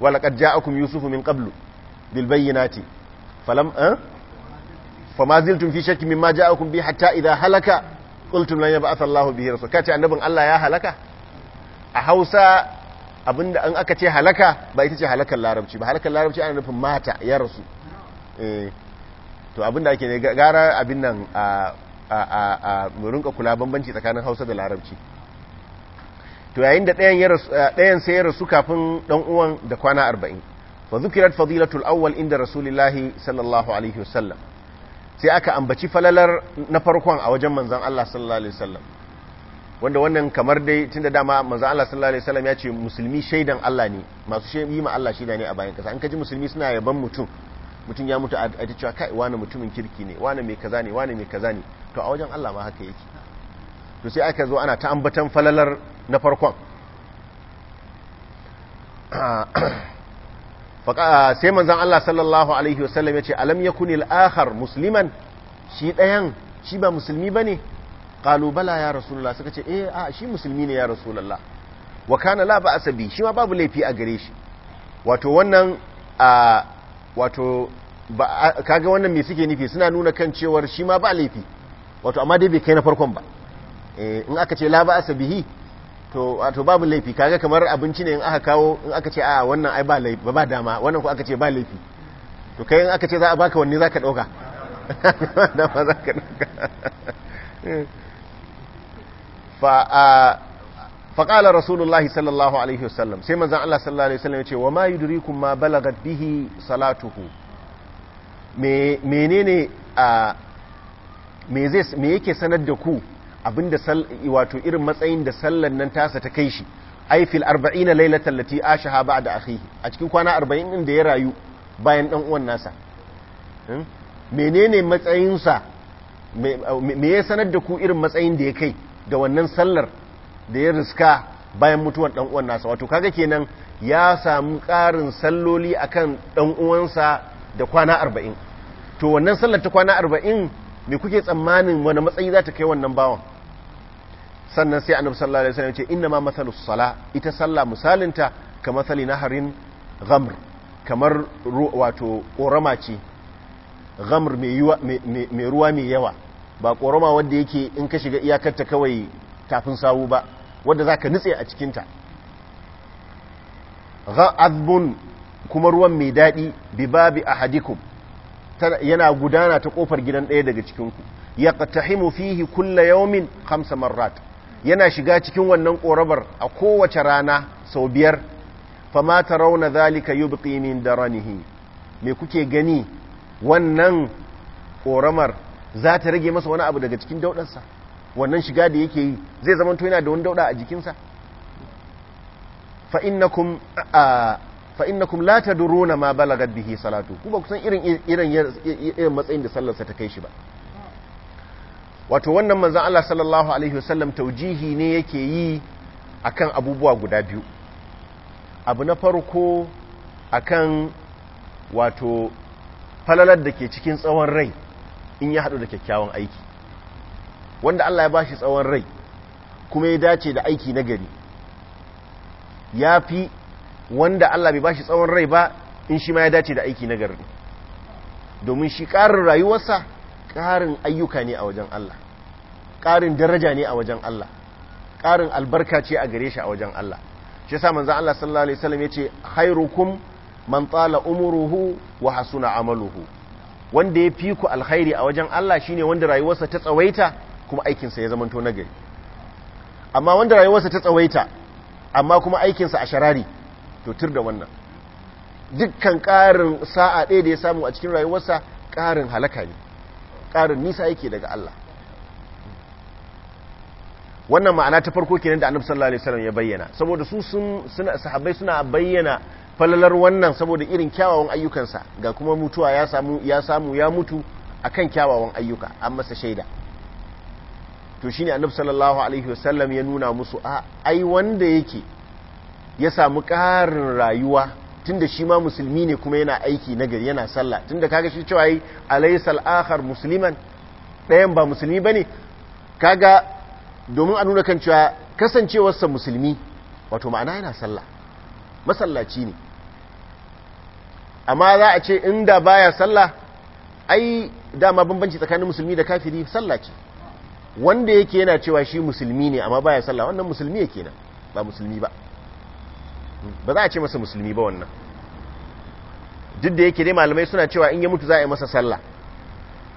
wa laqad ja'akum yusufu min qablu bil bayyinati falam eh? fama ziltum fi shakkin mimma ja'akum bi hatta idha halaka qultum lan yab'ath Allahu bihi rasul kace annabin Allah ya halaka a Hausa abinda an aka ce halaka ba ita ce halakan larabci ba halakan larabci ana nufin mata ya rasu eh to abinda ake ne gara abin nan a a rinka kula bambanci tsakanin Hausa da Larabci to yayin da ɗayan sai ya rasu kafin ɗan uwan da kwana arba'in fa zukirar fadilatul awwal inda rasulillahi sallallahu alaihi wasallam sai aka ambaci falalar na farkon a wajen manzan Allah sallallahu alaihi wasallam wanda wannan kamar dai tun da dama manzan Allah sallallahu alaihi wasallam ya ce musulmi shaidan Allah ne masu yi ma Allah shaida ne a bayan kasa an kaji musulmi suna yaban mutum mutum ya mutu a ta cewa kai wani mutumin kirki ne wani mai kaza ne wani mai kaza ne to a wajen Allah ma haka yake to sai aka zo ana ta ambatan falalar na farkon sai manzan Allah sallallahu alaihi wasallam ya ce alam yakuni al-akhar musliman shi ɗayan shi ba musulmi bane qalu bala ya rasulullah suka ce eh a shi musulmi ne ya rasulullah wa kana la ba asabi shi ma babu laifi a gare shi wato wannan a wato kaga wannan me suke nufi suna nuna kan cewar shi ma ba laifi wato amma dai bai kai na farkon ba eh, in aka ce la ba'asa bihi to wato babu laifi kaga kamar abinci ne in aka kawo in aka ce a wannan ai ba laifi ba dama wannan ko aka ce ba laifi to kai in aka ce za a baka wanne zaka dauka dama zaka dauka fa fa qala rasulullahi sallallahu alaihi wasallam sai manzon Allah sallallahu alaihi wasallam ya ce wa ma yudrikum ma balagat bihi salatuhu menene a me yake sanar da ku abinda wato irin matsayin da sallan nan tasa ta kai shi ai fil 40 lailatan lati ashaha ba'da akhihi a cikin kwana 40 din da ya rayu bayan dan uwan nasa hmm? menene matsayin sa me ya sanar da ku irin matsayin da ya kai da wannan sallar da ya riska bayan mutuwar dan uwan nasa wato kaga kenan ya samu karin salloli akan dan uwansa da kwana 40 to wannan sallar ta kwana me kuke tsammanin wani matsayi za ta kai wannan bawan sannan sai annabi sallallahu alaihi wasallam ya ce inna ma mathalus sala ita sallah misalinta ka mathali naharin ghamr kamar wato korama ce ghamr mai ruwa mai yawa ba korama wanda yake in ka shiga iyakarta kawai tafin sawu ba wanda ka nitse a cikin ta ghadbun kuma ruwan mai dadi bi babi ahadikum yana gudana ta kofar gidan ɗaya daga cikinku ya ƙatahimu fihi kulla yaumin hamsa marrat yana shiga cikin wannan ƙorabar a kowace rana sau biyar fama ta rauna zalika yi da ranihi me kuke gani wannan ƙoramar za ta rage masa wani abu daga cikin daudarsa wannan shiga da yake yi zai zama to yana da wani dauɗa a jikinsa na kuma. fa innakum la tadruna ma balagat bihi salatu ku ba kusan irin irin irin matsayin da sallarsa ta kai shi ba wato wannan manzon Allah sallallahu alaihi wasallam taujihi ne yake yi akan abubuwa guda biyu abu na farko akan wato falalar da ke cikin tsawon rai in ya hadu da kyakkyawan aiki wanda Allah ya bashi tsawon rai kuma ya dace da aiki na gari ya fi wanda Allah bai bashi tsawon rai ba in shi ma ya dace da aiki na gari domin shi ƙarin rayuwarsa ƙarin ayyuka ne a wajen Allah ƙarin daraja ne a wajen Allah ƙarin albarka ce a gare shi a wajen Allah shi yasa manzon Allah sallallahu alaihi wasallam yace khairukum man tsala umuruhu wa hasuna amaluhu wanda ya fiku alkhairi a wajen Allah shine wanda rayuwarsa ta tsawaita kuma aikinsa ya zamanto nagari amma wanda rayuwarsa ta tsawaita amma kuma aikinsa a sharari to da wannan dukkan ƙarin sa'a ɗaya da ya samu a cikin rayuwarsa ƙarin halaka ne ƙarin nisa yake daga Allah wannan ma'ana ta farko kenan da annabi sallallahu alaihi wasallam ya bayyana saboda su sun suna sahabbai suna bayyana falalar wannan saboda irin kyawawan ayyukansa ga kuma mutuwa ya samu ya samu ya mutu akan kyawawan ayyuka an masa shaida to shine annabi sallallahu alaihi wasallam ya nuna musu a ai wanda yake ya samu ƙarin rayuwa tun da shi ma musulmi ne kuma yana aiki nagari yana sallah da kaga shi cewa yi alaysal akhar musliman ɗayan ba musulmi ba ne kaga domin a nuna kan cewa kasancewarsa musulmi wato ma'ana yana sallah masallaci ne amma za a ce inda baya sallah ai dama bambanci tsakanin musulmi da kafiri sallaci wanda yake yana cewa shi musulmi ne amma baya sallah wannan musulmi yake nan ba musulmi ba ba za a ce masa musulmi ba wannan duk da yake dai malamai suna cewa in ya mutu za a yi masa sallah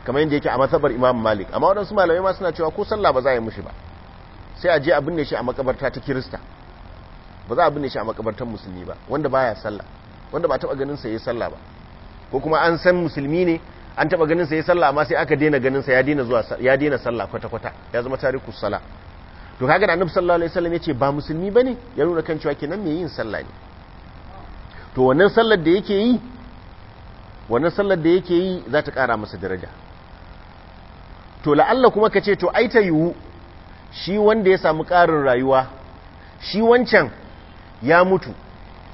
kamar yadda yake a matsabar imam malik amma waɗansu malamai ma suna cewa ko sallah ba za a yi mushi ba sai a je a binne shi a makabarta ta kirista ba za a binne shi a makabartar musulmi ba wanda baya sallah wanda ba taɓa ganin sa yi sallah ba ko kuma an san musulmi ne an taɓa ganin sa yi sallah amma sai aka daina ganin sa ya daina zuwa ya daina sallah kwata kwata ya zama tariku sallah to kaga da annabi sallallahu alaihi wasallam yace ba musulmi bane ya nuna kan cewa kenan me yin sallah ne to wannan sallar da yake yi wannan sallar da yake yi za ta kara masa daraja to la'alla kuma ka ce to ai ta yiwu shi wanda ya samu karin rayuwa shi wancan ya mutu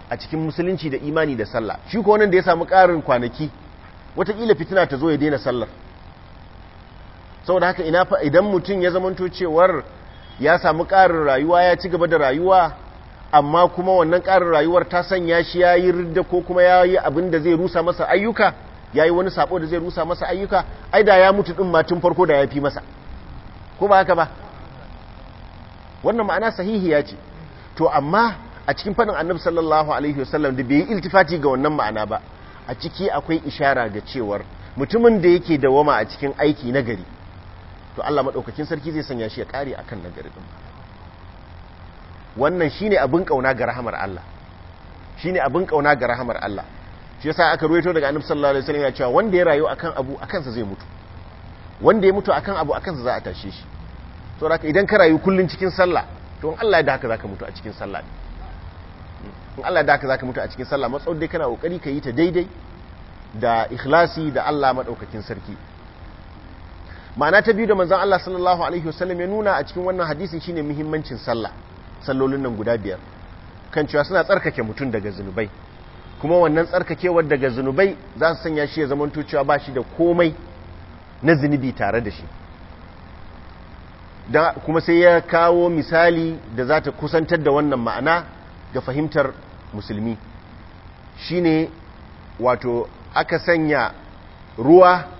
a cikin musulunci da imani da sallah shi ko wannan da ya samu karin kwanaki watakila fitina ta zo ya daina sallar saboda haka ina fa idan mutum ya zamanto cewar ya samu ƙarin rayuwa ya ci gaba da rayuwa amma kuma wannan ƙarin rayuwar ta sanya shi ya yi rida ko kuma ya yi abin da zai rusa masa ayyuka ya yi wani sabo da zai rusa masa ayyuka ai da ya mutu ɗin matun farko da ya fi masa ko ba haka ba wannan ma'ana sahihi ya ce to amma a cikin faɗin annabi sallallahu alaihi wasallam da bai yi iltifati ga wannan ma'ana ba a ciki akwai ishara ga cewar mutumin da yake dawama a cikin aiki na gari to Allah maɗaukacin sarki zai sanya shi ya a akan nagari ɗin wannan ne abin ƙauna ga rahamar Allah Shi ne abin ƙauna ga rahamar Allah shi yasa aka ruwaito daga Annabi sallallahu alaihi wasallam ya cewa wanda ya rayu akan abu akan sa zai mutu wanda ya mutu akan abu akan sa za a tashe shi to haka idan ka rayu kullun cikin sallah to in Allah ya da haka zaka mutu a cikin sallah in Allah ya da haka zaka mutu a cikin sallah matsau dai kana kokari ka yi ta daidai da ikhlasi da Allah madaukakin sarki ma'ana ta biyu da manzan Allah sallallahu alaihi wasallam ya nuna a cikin wannan hadisin shine muhimmancin sallah sallolin nan guda biyar kan cewa suna tsarkake mutum daga zunubai kuma wannan tsarkakewar daga zunubai za su sanya shi ya zama cewa ba shi da komai na zunubi tare da shi kuma sai ya kawo misali da za ta kusantar da wannan ma'ana ga fahimtar musulmi shine wato aka sanya ruwa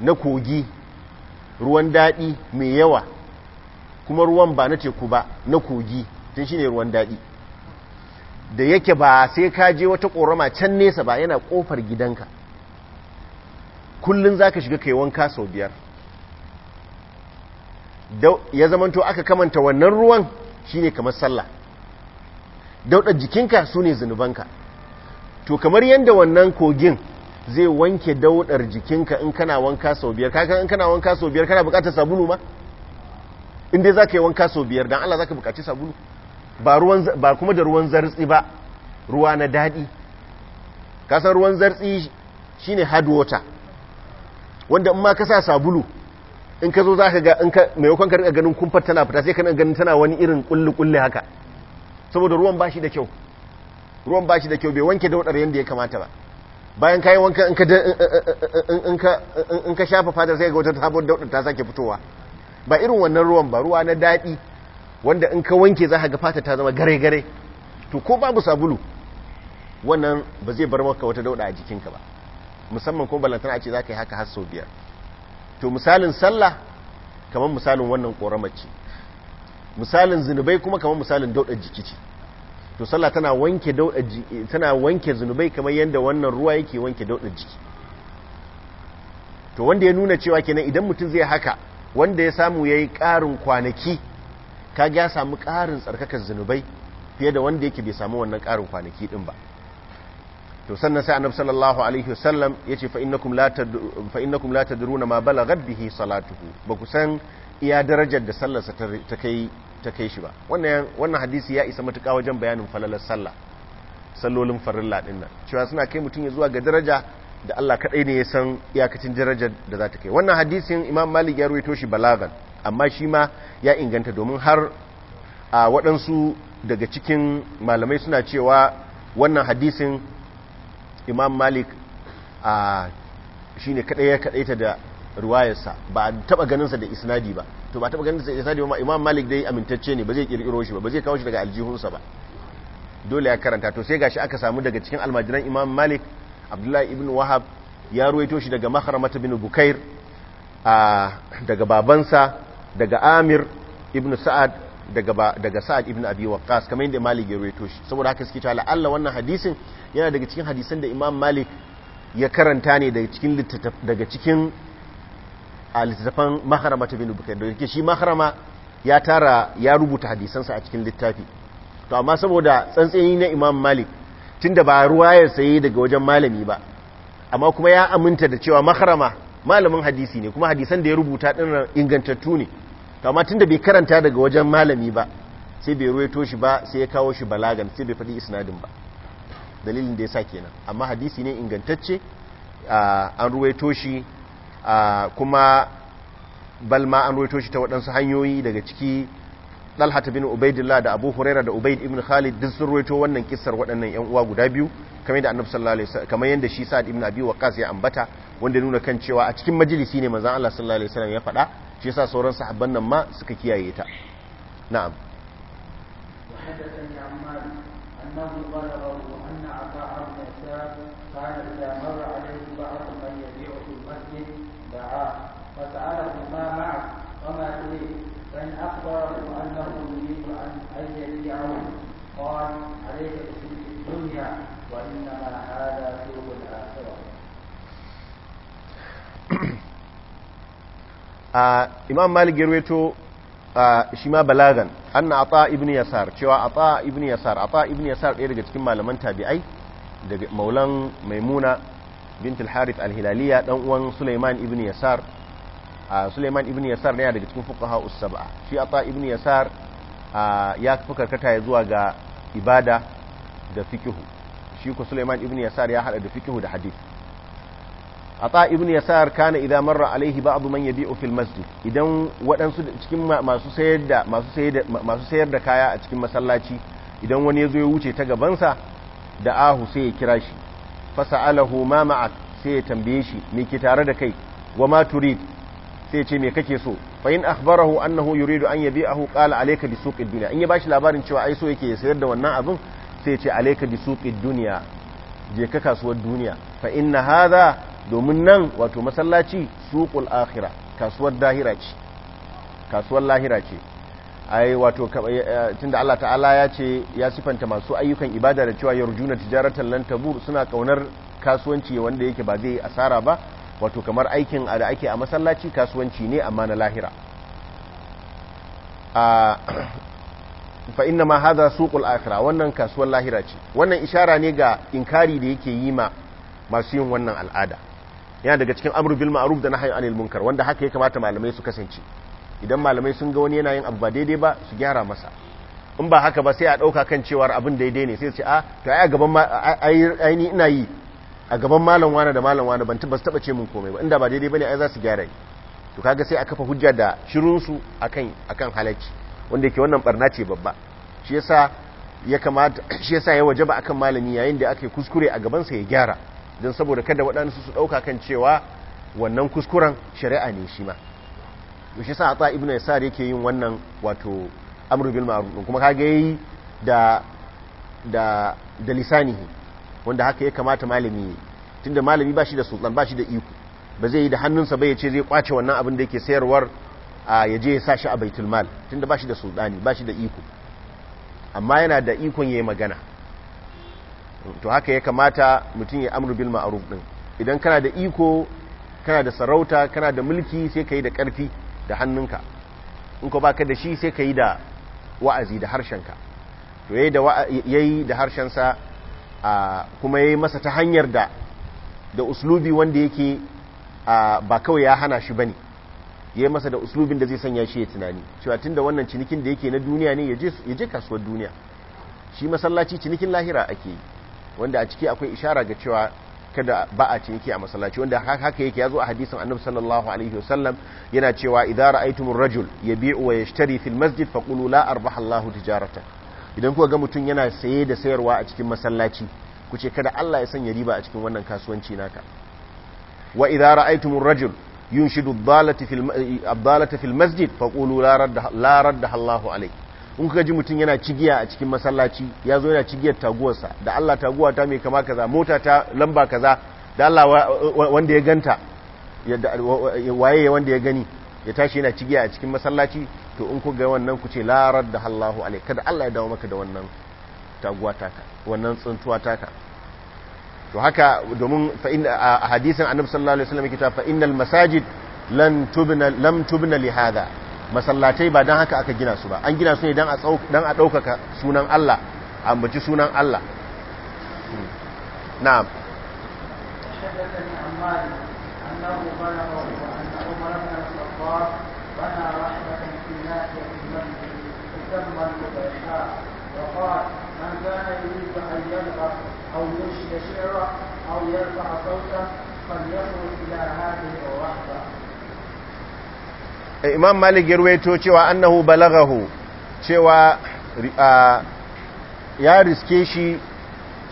na kogi ruwan daɗi mai yawa kuma ruwan ba na teku ba na kogi tun shine ruwan daɗi da yake ba sai ka je wata ƙorama can nesa ba yana ƙofar gidanka kullum za ka shiga kai wanka sau biyar ya zamanto aka kamanta wannan ruwan shine kamar sallah daudar jikinka su ne zunubanka to kamar yadda wannan kogin zai wanke daudar jikinka in kana wanka sau biyar kakan in kana wanka sau biyar kana bukatar sabulu ma in dai za ka yi wanka sau biyar don Allah za ka bukaci sabulu ba kuma da ruwan zartsi ba ruwa na daɗi kasar ruwan zartsi shine hard water wanda in ma ka sa sabulu in ka zo za ka ga mai ka rika ganin kumfar tana fita sai ka ganin tana wani irin kulle-kulle haka saboda ruwan bashi da kyau ruwan bashi da kyau bai wanke daudar yadda ya kamata ba bayan kayan wanka in ka shafa fadar sai ga wata sabon daudar ta sake fitowa ba irin wannan ruwan ba ruwa na daɗi wanda in ka wanke za ga fata ta zama gare-gare to ko babu sabulu wannan ba zai bar maka wata dauda a jikinka ba musamman ko balantar a ce za ka yi haka har sau biyar to misalin sallah kamar misalin wannan ƙoramar misalin zunubai kuma kamar misalin daudar jiki ce to sallah tana wanke eh, eh, tana wanke zunubai kamar yadda wannan ruwa yake wanke dauda jiki to wanda ya nuna cewa kenan idan mutum zai haka wanda ya samu yayi ƙarin kwanaki ka ya samu ƙarin tsarkakar zunubai fiye da wanda yake bai samu wannan ƙarin kwanaki din ba to sannan sai annabi sallallahu alaihi wasallam yace fa innakum la fa innakum la tadruna ma balagha bihi salatuhu ba ku san iya darajar da sallarsa ta kai ta kai shi ba wannan hadisi ya isa matuƙa wajen bayanin falalar sallah sallolin farilla din nan cewa suna kai mutum ya zuwa ga daraja da Allah kadai ne ya san iyakacin darajar da za ta kai wannan hadisin Imam Malik ya ruwaito shi balagan amma shi ma ya inganta domin har a waɗansu daga cikin malamai suna cewa wannan hadisin Imam Malik a shine kadai ya kadaita da ruwayarsa ba a taɓa ganin sa da isnadi ba to ba taɓa ganin sai ba imam malik dai amintacce ne ba zai kirkiro shi ba ba zai kawo shi daga aljihunsa ba dole ya karanta to sai gashi aka samu daga cikin almajiran imam malik abdullahi ibn wahab ya ruwaito shi daga mata bin bukair daga babansa daga amir ibn sa'ad daga sa'ad ibn abi waqqas kamar yadda malik ya ruwaito shi saboda haka suke cewa Allah wannan hadisin yana daga cikin hadisan da imam malik ya karanta ne daga cikin a littattafan maharama ta binu bukai da shi maharama ya tara ya rubuta hadisansa a cikin littafi to amma saboda tsantseni na imam malik tunda ba ruwa ya saye daga wajen malami ba amma kuma ya aminta da cewa maharama malamin hadisi ne kuma hadisan da ya rubuta ɗin ingantattu ne to amma tunda bai karanta daga wajen malami ba sai bai ruwaito shi ba sai ya kawo shi balagan sai bai faɗi isnadin ba dalilin da ya sa kenan amma hadisi ne ingantacce an ruwaito shi kuma balma an roito shi ta waɗansu hanyoyi daga ciki ɗalhata bin ubaidillah da abu huraira da ubaid ibn khalid duk sun roito wannan kisar waɗannan yan uwa guda biyu kamar yadda shi sa'ad ibn abi waqas ya ambata wanda nuna kan cewa a cikin majalisi ne mazan Allah sallallahu alaihi wasallam ya faɗa shi sa sauran sahabban nan ma suka kiyaye ta na'am فسأله ما معك وما تريد فإن Imam Malik Gerweto shi ma balagan an na ata ibn yasar cewa ata ibn yasar ata ibn yasar ɗaya daga cikin malaman tabi'ai daga maulan maimuna bintul harith al-hilaliya dan uwan Sulaiman ibn Yasar Ah, Suleiman ibn Yasar yana daga cikin fuka haus saba shi Ata ibn Yasar ah, ya fi karkata ya zuwa ga ibada da fikihu shi ku Suleiman ibn Yasar ya hada da fikihu da hadith Ata ibn Yasar kana idan marar alaihi abu man yabi'u fil masjid idan waɗansu cikin masu sayar da kaya a cikin masallaci idan wani ya zo ya wuce ta gabansa da ahu sai ya kira shi alahu ma ma'a sai ya tambaye shi me ke tare da kai wa ma turid sai ce me kake so fa in akhbarahu annahu yuridu an yabi'ahu qala alayka bi suqid dunya in ya bashi labarin cewa ai so yake ya sayar da wannan abin sai ce alayka bi suqid dunya je ka kasuwar duniya fa inna hadha domin nan wato masallaci suqul akhira kasuwar dahira ce kasuwar lahira ce ai wato eh, eh, tunda Allah ta'ala ya ce ya sifanta masu ayyukan ibada da cewa yarjuna tijaratan lan tabur suna kaunar kasuwanci wanda yake ba zai asara ba wato kamar aikin da ake a masallaci kasuwanci ne amma na lahira fa inna ma hadha suqul akhirah wannan kasuwar lahira ce wannan ishara ne ga inkari da yake yi ma masu yin wannan al'ada yana daga cikin amru bil ma'ruf da nahyi anil munkar wanda haka ya kamata malamai su kasance idan malamai sun ga wani yana yin abu ba daidai ba su gyara masa in ba haka ba sai a dauka kan cewa abin daidai ne sai su ce a ah, to ai gaban ai ni ina yi a gaban malam wane da malam wane ban tabbas taba ce mun komai ba inda ba daidai bane ai za su gyara ni to kaga sai a kafa hujja da shirun su akan akan halacci wanda yake wannan barna ce babba shi yasa ya kamata shi yasa ya wajaba akan malami yayin da aka yi kuskure a gaban sa ya gyara don saboda kada waɗansu su ɗauka kan cewa wannan kuskuren shari'a ne shi ma to shi sa ata ibnu yasar yake yin wannan wato amru bil ma'ruf kuma kaga yayi da da da lisanihi wanda haka ya kamata malami yi tunda malami ba da sultan ba da iko ba zai yi da hannunsa ba ya ce zai kwace wannan abin da yake sayarwar a yaje je ya sa shi a baitul mal tunda bashi da sultani ba da iko amma yana da ikon ya yi magana to haka ya kamata mutum ya amru bil ma'ruf din idan kana da iko kana da sarauta kana da mulki sai ka yi da ƙarfi da hannunka in ko baka da shi sai ka yi da wa'azi da harshenka to yayi da yayi da harshensa kuma ya yi masa ta hanyar da da uslubi wanda yake ba kawai ya hana shi ba ne ya yi masa da uslubin da zai sanya shi ya tunani cewa tun da wannan cinikin da yake na duniya ne ya je kasuwar duniya shi masallaci cinikin lahira ake yi wanda a ciki akwai ishara ga cewa kada ba a ciniki a masallaci wanda haka yake ya zo a hadisin annabi sallallahu alaihi wasallam yana cewa idara aitumur rajul yabi'u wa yashtari fil masjid faqulu la arbaha Allahu tijarata idan kuka ga mutum yana saye da sayarwa a cikin masallaci ku ce kada Allah ya sanya riba a cikin wannan kasuwanci naka wa idza ra'aytumur rajul yunshidu dhalata fil abdalata fil masjid faqulu la radda la radda Allahu alayhi in kuka ji mutum yana cigiya a cikin masallaci ya zo yana cigiyar taguwarsa da Allah taguwa ta mai kama kaza mota ta lamba kaza da Allah wanda ya ganta waye wanda ya gani ya tashi yana cigiya a cikin masallaci to in ku ga wannan ku ce larar da Allahu alai kada Allah ya dawo maka da wannan taguwa taka wannan tsuntuwa taka to haka domin fa a hadisin annabi sallallahu alaihi wasallam yake fa innal masajid lan tubna lam tubna li hada masallatai ba dan haka aka gina su ba an gina su ne dan a tsau dan a daukaka sunan Allah a ambaci sunan Allah na'am annahu qala wa anna umar ibn al-khattab bana rahbatan Eh, Imam Malik ya ruwaito cewa annahu balagahu cewa ya riske shi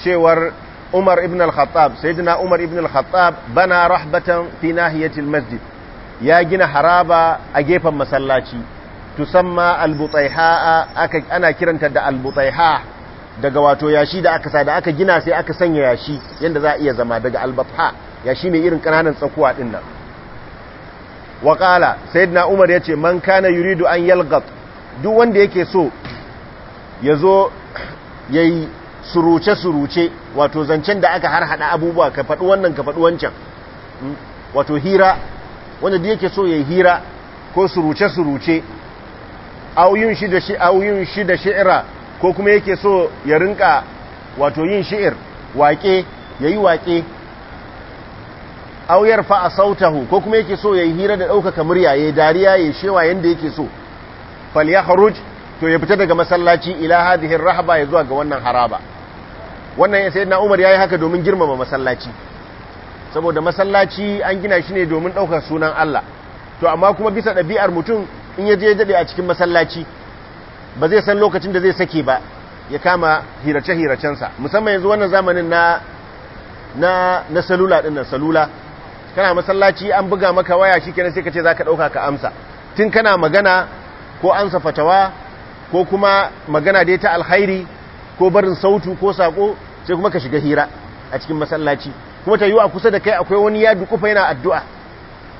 cewar Umar ibn al-Khattab sayyidina Umar ibn al-Khattab bana rahbatan fi nahiyatil masjid ya gina haraba a gefen masallaci tusamma albutaiha ana kiranta da albutaiha daga wato yashi da aka sa da aka gina sai aka sanya yashi yanda za a iya zama daga ha yashi ne irin kananan tsakuwa din nan waƙala qala sayyidina umar ce man kana yuridu an yalgat duk wanda yake so yazo yayi suruce suruce wato zancen da aka haɗa abubuwa ka faɗi wannan ka faɗi wancan hmm? wato hira wanda da yake so yayi hira ko suruce suruce au yin shi da shi au yin shi da shi'ira ko kuma yake so ya rinka wato yin shi'ir waƙe yayi waƙe au yarfa sautahu ko kuma yake so yayi hira da ɗaukaka murya yayi dariya yayi shewa yanda yake so fal yakhruj to ya fita daga masallaci ila hadhihi rahaba ya zuwa ga wannan haraba wannan sai na Umar yayi haka domin girmama masallaci saboda masallaci an gina shi ne domin ɗaukar sunan Allah to amma kuma bisa dabi'ar mutum in ya je ya daɗe a cikin masallaci ba zai san lokacin da zai sake ba ya kama hirace hiracen sa musamman yanzu wannan zamanin na na na salula din nan salula kana masallaci an buga maka waya shikenan sai ka ce zaka dauka ka amsa tun kana magana ko amsa fatawa ko kuma magana dai ta alkhairi ko barin sautu ko sako sai kuma ka shiga hira a cikin masallaci kuma ta yiwu a kusa da kai akwai wani ya dukufa yana addu'a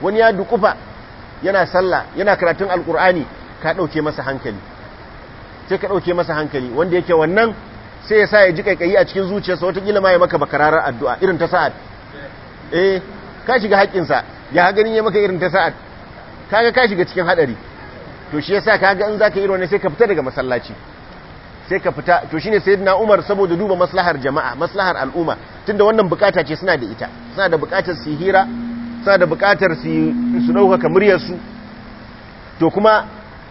wani ya dukufa yana sallah yana karatun alkur'ani ka dauke masa hankali sai ka ɗauke masa hankali wanda yake wannan sai ya sa ya ji kaikayi a cikin zuciyarsa wata ma ya maka bakararar addu'a irin ta sa'ad eh ka shiga haƙƙinsa ya ganin ya maka irin ta sa'ad kaga ka shiga cikin haɗari to shi yasa kaga in zaka yi wannan sai ka fita daga masallaci sai ka fita to shine sayyidina Umar saboda duba maslahar jama'a maslahar al'umma tunda wannan bukata ce suna da ita suna da bukatar sihira sa da bukatar su ɗaukaka muryarsu to kuma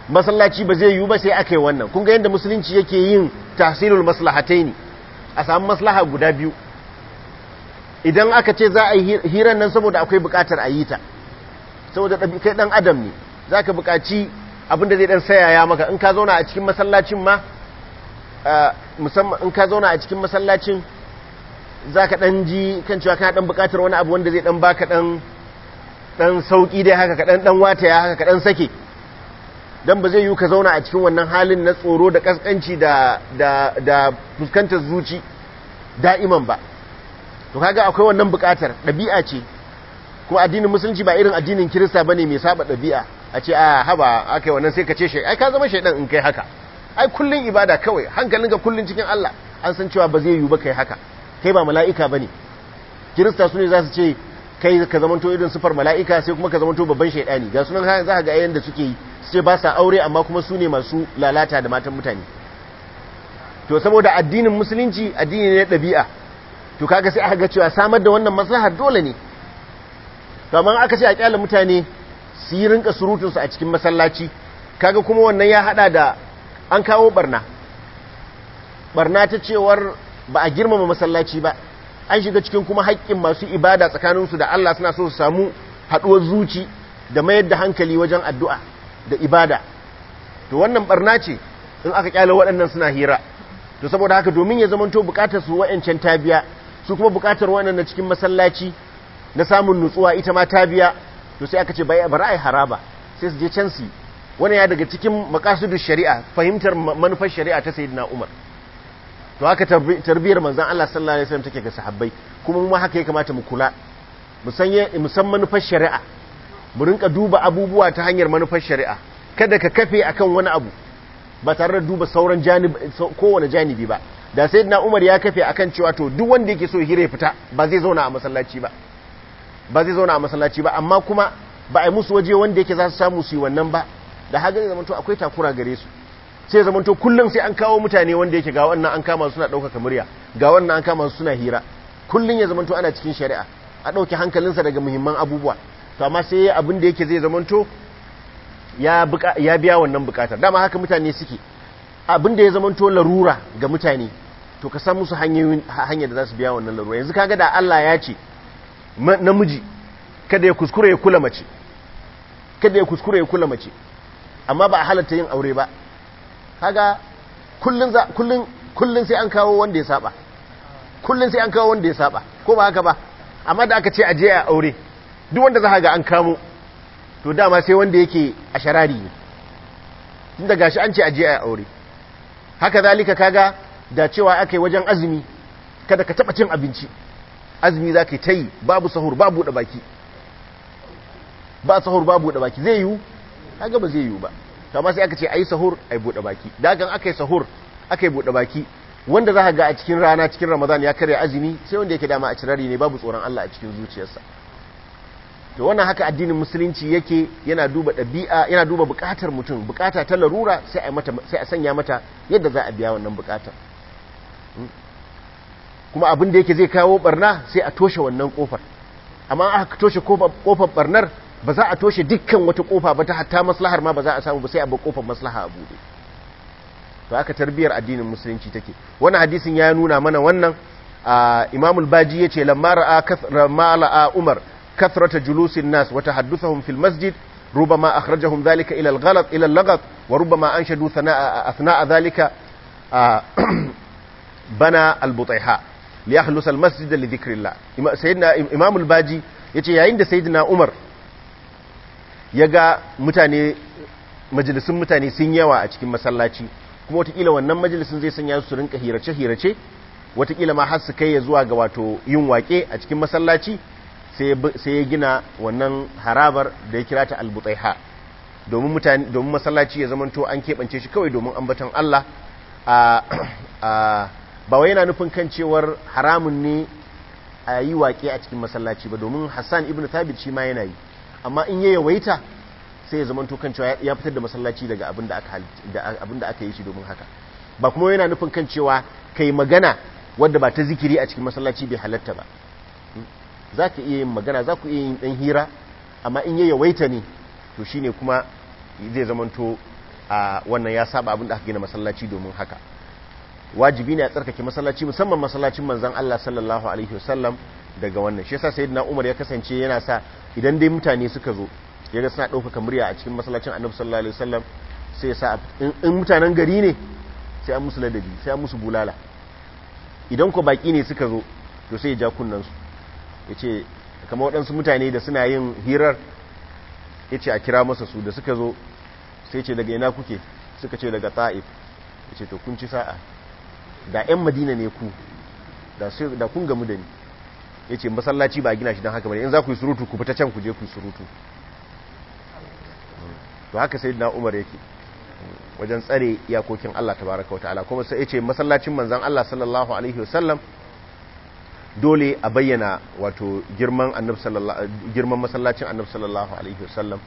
masallaci ba zai yiwu ba sai aka yi wannan kun ga yadda musulunci yake yin tahsilul maslahatai ne a samu maslaha guda biyu idan aka ce za a yi hirar nan saboda akwai bukatar a yi ta saboda kai dan adam ne za ka bukaci abinda zai dan sayaya maka in ka zauna a cikin masallacin ma musamman in ka zauna a cikin masallacin za ka ɗan ji kan cewa kana ɗan bukatar wani abu wanda zai ɗan baka ɗan dan sauki dai haka kadan dan wataya haka kaɗan sake don ba zai yi ka zauna a cikin wannan halin na tsoro da kaskanci da fuskantar zuci da'iman ba to kaga akwai wannan bukatar dabi'a ce kuma addinin musulunci ba irin addinin kirista bane mai saba ɗabi'a a ce a ah, haba aka wannan sai ka ce shi ai ka zama shaydan in kai haka ai kullun ibada kawai hankalinka kullun cikin Allah an san cewa ba zai yi ba kai haka kai ba mala'ika bane kirista su ne za su ce kai ka zamanto irin sufar mala'ika sai kuma ka zamanto babban shaidani ga sunan hayan za ga yayin da suke yi su ba sa aure amma kuma su ne masu lalata da matan mutane to saboda addinin musulunci addini ne ɗabi'a to kaga sai aka ga cewa samar da wannan maslaha dole ne to amma aka ce a kyala mutane su yi rinka surutunsu a cikin masallaci kaga kuma wannan ya hada da an kawo barna barna ta cewar ba a girmama masallaci ba an shiga cikin kuma haƙƙin masu ibada tsakaninsu da Allah suna so su samu haɗuwar zuci da mayar da hankali wajen addu'a da ibada to wannan barna ce in aka kyale waɗannan suna hira to saboda haka domin ya zamanto buƙatar su wa'ancan tabiya su kuma buƙatar waɗannan cikin masallaci na samun nutsuwa ita ma tabiya to sai aka ce bai bara ai haraba sai su je can su wani ya daga cikin maqasidus shari'a fahimtar manufar shari'a ta sayyidina Umar to haka tarbiyar manzan Allah sallallahu alaihi wasallam take ga sahabbai kuma mu haka ya kamata mu kula musamman manufar shari'a mu rinka duba abubuwa ta hanyar manufar shari'a kada ka kafe akan wani abu ba tare da duba sauran janibi kowane janibi ba da sayyidina Umar ya kafe akan cewa to duk wanda yake so hire fita ba zai zauna a masallaci ba ba zai zauna a masallaci ba amma kuma ba a musu waje wanda yake za su samu su yi wannan ba da haka zai zama to akwai takura gare su sai to kullum sai an kawo mutane wanda yake ga wannan an kama suna ɗaukaka murya ga wannan an kama suna hira kullum ya to ana cikin shari'a a ɗauki hankalinsa daga muhimman abubuwa to amma sai abin da yake zai to ya biya wannan bukatar dama haka mutane suke abin da ya to larura ga mutane to ka san musu hanyar da za su biya wannan larura yanzu kaga da Allah ya ce namiji kada ya kuskure ya kula mace kada ya kuskure ya kula mace amma ba a halatta yin aure ba kaga kullun kullun kullun sai an kawo wanda ya saba kullun sai an kawo wanda ya saba ko ba haka ba amma da aka ce je a aure duk wanda za ga an kamo to dama sai wanda yake a sharari ne tunda gashi an ce je a aure haka zalika kaga da cewa aka yi wajen azumi kada ka taba cin abinci azumi za ka ta yi babu sahur babu da baki ba sahur babu da baki zai yiwu kaga ba zai yiwu ba kama sai aka ce ai sahur ai buɗe baki dagan aka yi sahur aka yi buɗe baki wanda za ga a cikin rana cikin ramadan ya karya azumi sai wanda yake dama a cirari ne babu tsoron allah a cikin zuciyarsa to wannan haka addinin musulunci yake yana duba ɗabi'a yana duba buƙatar mutum buƙata ta larura sai a mata sai a sanya mata yadda za a biya wannan buƙatar hmm. kuma abin da yake zai kawo barna sai a toshe wannan kofar amma aka toshe kofar barnar ba za a toshe dukkan wata kofa ba ta hatta maslahar ma ba za a samu ba sai a ba kofar maslaha a bude to haka tarbiyar addinin musulunci take Wani hadisin ya nuna mana wannan imam al-baji yace lamma ra'a kathra umar kathrata julusin nas wa tahadduthahum fil masjid ربما أخرجهم ذلك إلى الغلط إلى اللغط وربما أنشدوا ثناء أثناء ذلك بنى البطيحاء ليخلص المسجد لذكر الله سيدنا إمام الباجي ya ga mutane majalisun mutane sun yawa a cikin masallaci kuma watakila wannan majalisun zai sanya su rinka hirace-hirace watakila ma har su kai ya zuwa ga wato yin waƙe a cikin masallaci sai ya gina wannan harabar da ya kira ta albutsaiha domin domin masallaci ya zamanto an keɓance shi kawai domin ambaton Allah ba wai yana nufin kan cewar haramun ne a yi waƙe a cikin masallaci ba domin Hassan ibn Thabit shi ma yana yi amma in ya yawaita sai ya zama kan cewa ya fitar da masallaci daga abin da aka yi shi domin haka ba kuma yana nufin kan cewa ka yi magana wadda ba ta zikiri a cikin masallaci bai halatta ba hmm? za ka iya yin magana za ku iya yin ɗan hira amma in ya yawaita ne to shi ne kuma zai zamanto a wannan ya saba abin da aka gina masallaci domin haka wajibi ne a tsarkake masallaci musamman masallacin manzan Allah sallallahu alaihi wasallam daga wannan shi yasa sayyidina Umar ya kasance yana sa idan dai mutane suka zo yaga suna ɗaukaka murya a cikin masallacin Annabi sallallahu alaihi wasallam sai yasa in mutanen gari ne sai an musu ladabi sai an musu bulala idan ko baki ne suka zo to sai ya ja kunnan su yace kamar waɗansu mutane da suna yin hirar yace a kira masa su da suka zo sai ce daga ina kuke suka ce daga Ta'if yace to kun ci sa'a da ƴan Madina ne ku da kun gamu da ni ya ce masallaci ba a gina shi don haka bane in za ku yi surutu ku fita can ku je ku yi surutu to haka sai na umar yake wajen tsare iyakokin Allah baraka wa ta'ala kuma sai ya ce masallacin manzan Allah sallallahu alaihi wasallam dole a bayyana wato girman girman masallacin annab sallallahu alaihi wasallam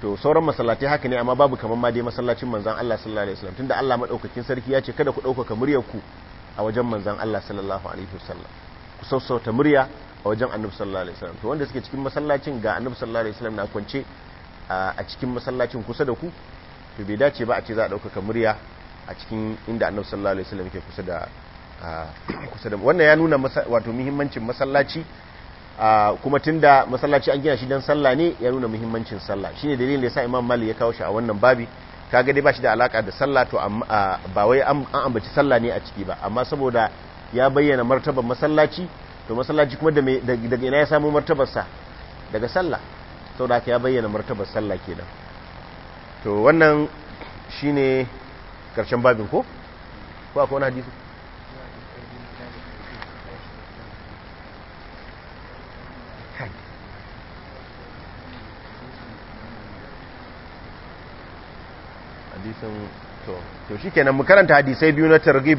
to sauran masallaci haka ne amma babu kamar ma dai masallacin manzan Allah sallallahu alaihi wasallam tunda Allah madaukakin sarki ya ce kada ku dauka muryar ku a wajen manzan Allah sallallahu alaihi wasallam sassauta murya a wajen annabi sallallahu alaihi wasallam to wanda suke cikin masallacin ga annabi sallallahu alaihi wasallam na kwance a cikin masallacin kusa da ku to bai dace ba a ce za a dauka murya a cikin inda annabi sallallahu alaihi wasallam yake kusa da kusa da wannan ya nuna wato muhimmancin masallaci kuma tunda masallaci an gina shi dan sallah ne ya nuna muhimmancin sallah shine dalilin da yasa Imam mali ya kawo shi a wannan babi kaga dai ba shi da alaka da sallah to ba wai an ambaci sallah ne a ciki ba amma saboda ya bayyana martabar masallaci to masallaci kuma daga ina ya samu martabarsa daga sallah sau da ya bayyana martabar sallah kenan to wannan shine karshen babin ko ko akwai wani hadisi hadisin to to shikenan mu karanta hadisai biyu na targhib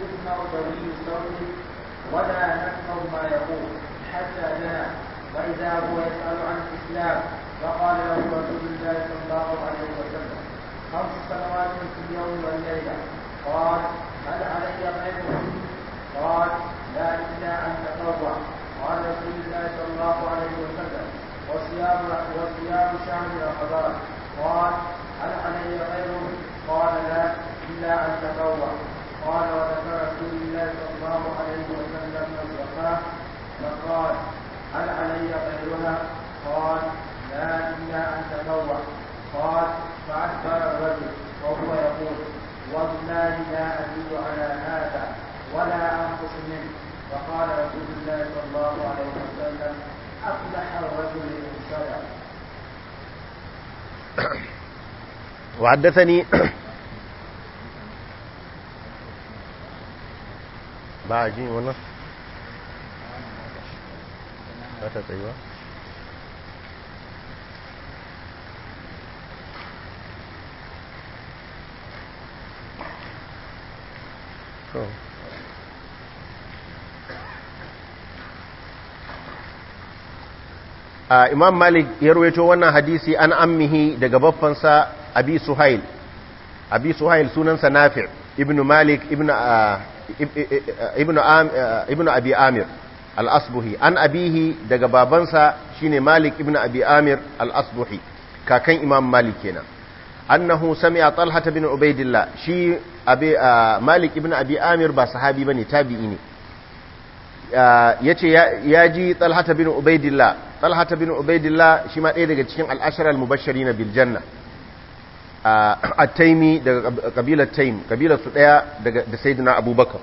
يسمع بريد صوته ولا نفهم ما يقول حتى لا وإذا هو يسأل عن الإسلام فقال له رسول الله صلى الله عليه وسلم خمس صلوات في اليوم والليلة قال هل علي غيره قال لا إلا أن تطوع قال رسول الله صلى الله عليه وسلم وصيام وصيام شهر رمضان قال هل علي غيره؟ قال لا إلا أن تطوع قال وذكر رسول الله صلى الله عليه وسلم الزكاة فقال هل علي غيرها؟ قال لا إلا أن تطوع قال فأكبر الرجل وهو يقول والله لا أزيد على هذا ولا أنقص منه فقال رسول الله صلى الله عليه وسلم أفلح الرجل إن وحدثني ba a jin wannan ba ta tsaye ba Uh, imam malik ya rawaito wannan hadisi an ammihi daga babbansa abi suhail abi suhail sunansa nafi' ibn malik ibn uh, Eh, ibn abi amir al'asbuhi an abihi daga babansa shine malik ibn abi amir al'asbuhi kakan imam malik kenan annahu sami'a talhata bin ubaidillah shi abi eh, malik ibn abi amir ba sahabi bane tabi'i ne eh, yace ya ji talhata bin ubaidillah talhata bin ubaidillah shi ma ɗaya daga cikin al-ashara al biljanna. a taimi daga kabilar taim kabilar su daya da saidina abubakar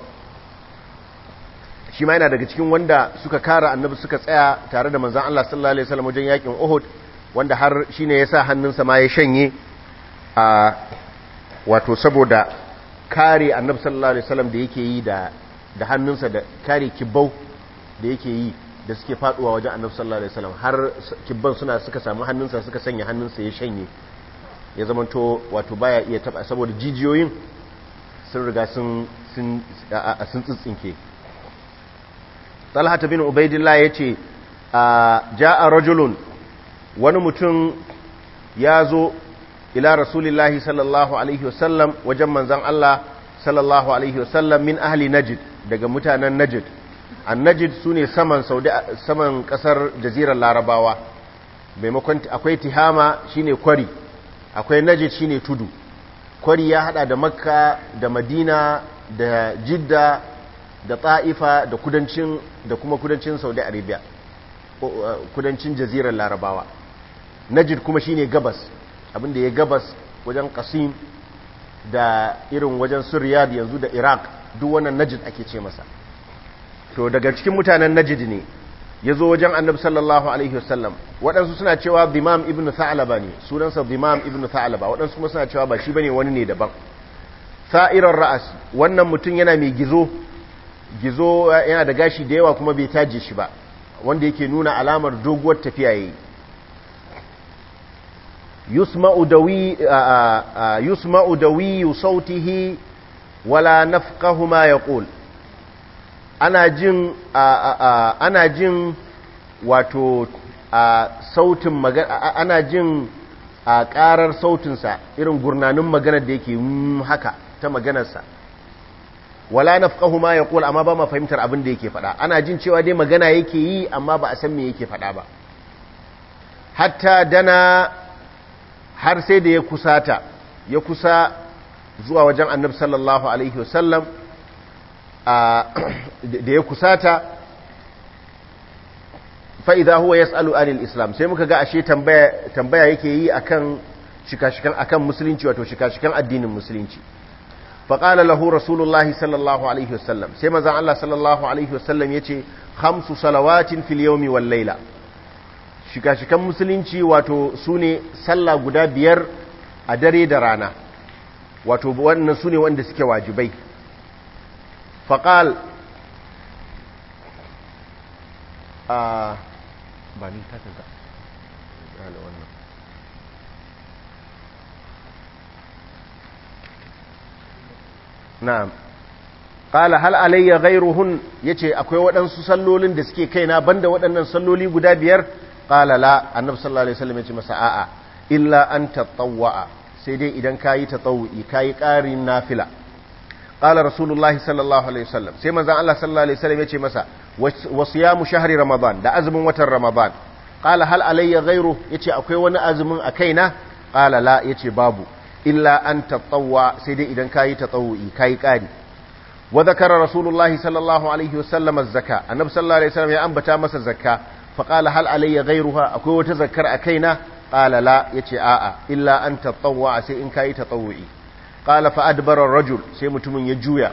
shi ma yana daga cikin wanda suka kara annabi suka tsaya tare da manzan Allah sallallahu alaihi wasallam wajen yakin Uhud wanda har shi ne ya sa hannunsa ma ya shanye a wato saboda kare annabi sallallahu alaihi wasallam da yake yi da hannunsa da kare kibau da yake yi da suke faduwa wajen annabi sallallahu alaihi wasallam har kibban suna suka samu hannunsa suka sanya hannunsa ya shanye ya zama to wato baya iya taba saboda jijiyoyin sun riga sun sun tsitsinke talhata bin ubaidillah a ja'a rajulun wani mutum ya zo ila rasulillahi sallallahu alaihi wasallam wajen manzan Allah sallallahu alaihi wasallam min ahli najid daga mutanen najid an najid su ne saman saudi saman kasar jazirar larabawa maimakon akwai tihama shine kwari akwai najid shine tudu kwari ya hada da makka da madina da jidda da ta'ifa da kudancin da kuma kudancin saudi arabia kudancin jazirar larabawa najid kuma shine gabas abinda ya gabas wajen qasim da irin wajen suriyad yanzu da iraq duk wannan najid ake ce masa to daga cikin mutanen najid ne ya zo wajen annabi sallallahu alaihi wasallam waɗansu suna cewa dimam ibn sa'alaba ne sunansa dimam ibn sa'alaba waɗansu kuma suna cewa ba shi bane wani ne daban sa'irar ra'as wannan mutum yana mai gizo gizo yana da gashi da yawa kuma bai taje shi ba wanda yake nuna alamar doguwar tafiya yayi yusma'u dawi yusma'u dawi sautihi wala nafqahu ma yaqul ana jin ana jin wato sautin magana ana jin a karar sautinsa irin gurnanin magana da yake mm, haka ta maganarsa wala nafqahu ma yaqul amma ba ma fahimtar abin da yake faɗa ana jin cewa dai magana yake yi amma ba a san me yake faɗa ba hatta dana har sai da ya kusata ya kusa zuwa wajen annabi sallallahu alaihi wasallam da ya kusata fa'iza huwa ya tsalu anil islam sai muka ga ashe tambaya yake yi a kan shikashikan akan musulunci wato shikashikan addinin musulunci faƙala lahu rasulullahi sallallahu alaihi wasallam sai mazan Allah sallallahu alaihi wasallam ya ce hamsu salawatin filiyomi wallaila shikashikan musulunci wato su ne sallah guda biyar a dare da rana wato wannan su ne wanda suke wajibai faƙal a ah, ba ni ta kanka ah, ƙala wannan na'am ƙala hal alayya yace akwai waɗansu sallolin da suke kai kaina banda waɗannan salloli guda biyar ƙala la annabi sallallahu alaihi wasallam masa a'a illa an tatawwa sai dai idan kayi ta tatawwi kayi ƙarin nafila qala rasulullahi sallallahu alaihi wasallam sai manzon Allah sallallahu alaihi yace masa wasu ya shahri ramadan da azumin watan ramadan qala hal alayya ghayru yace akwai wani azumin a kaina qala la yace babu illa an tatawwa sai dai idan kayi tatawu'i kayi kari wa dhakara rasulullahi sallallahu alaihi wasallam az-zaka annabi sallallahu alaihi wasallam ya ambata masa zaka. fa qala hal alayya ghayruha akwai wata zakar a kaina qala la yace a'a illa an tatawwa sai in kayi tatawu'i qala fa adbara ar-rajul sai mutumin ya juya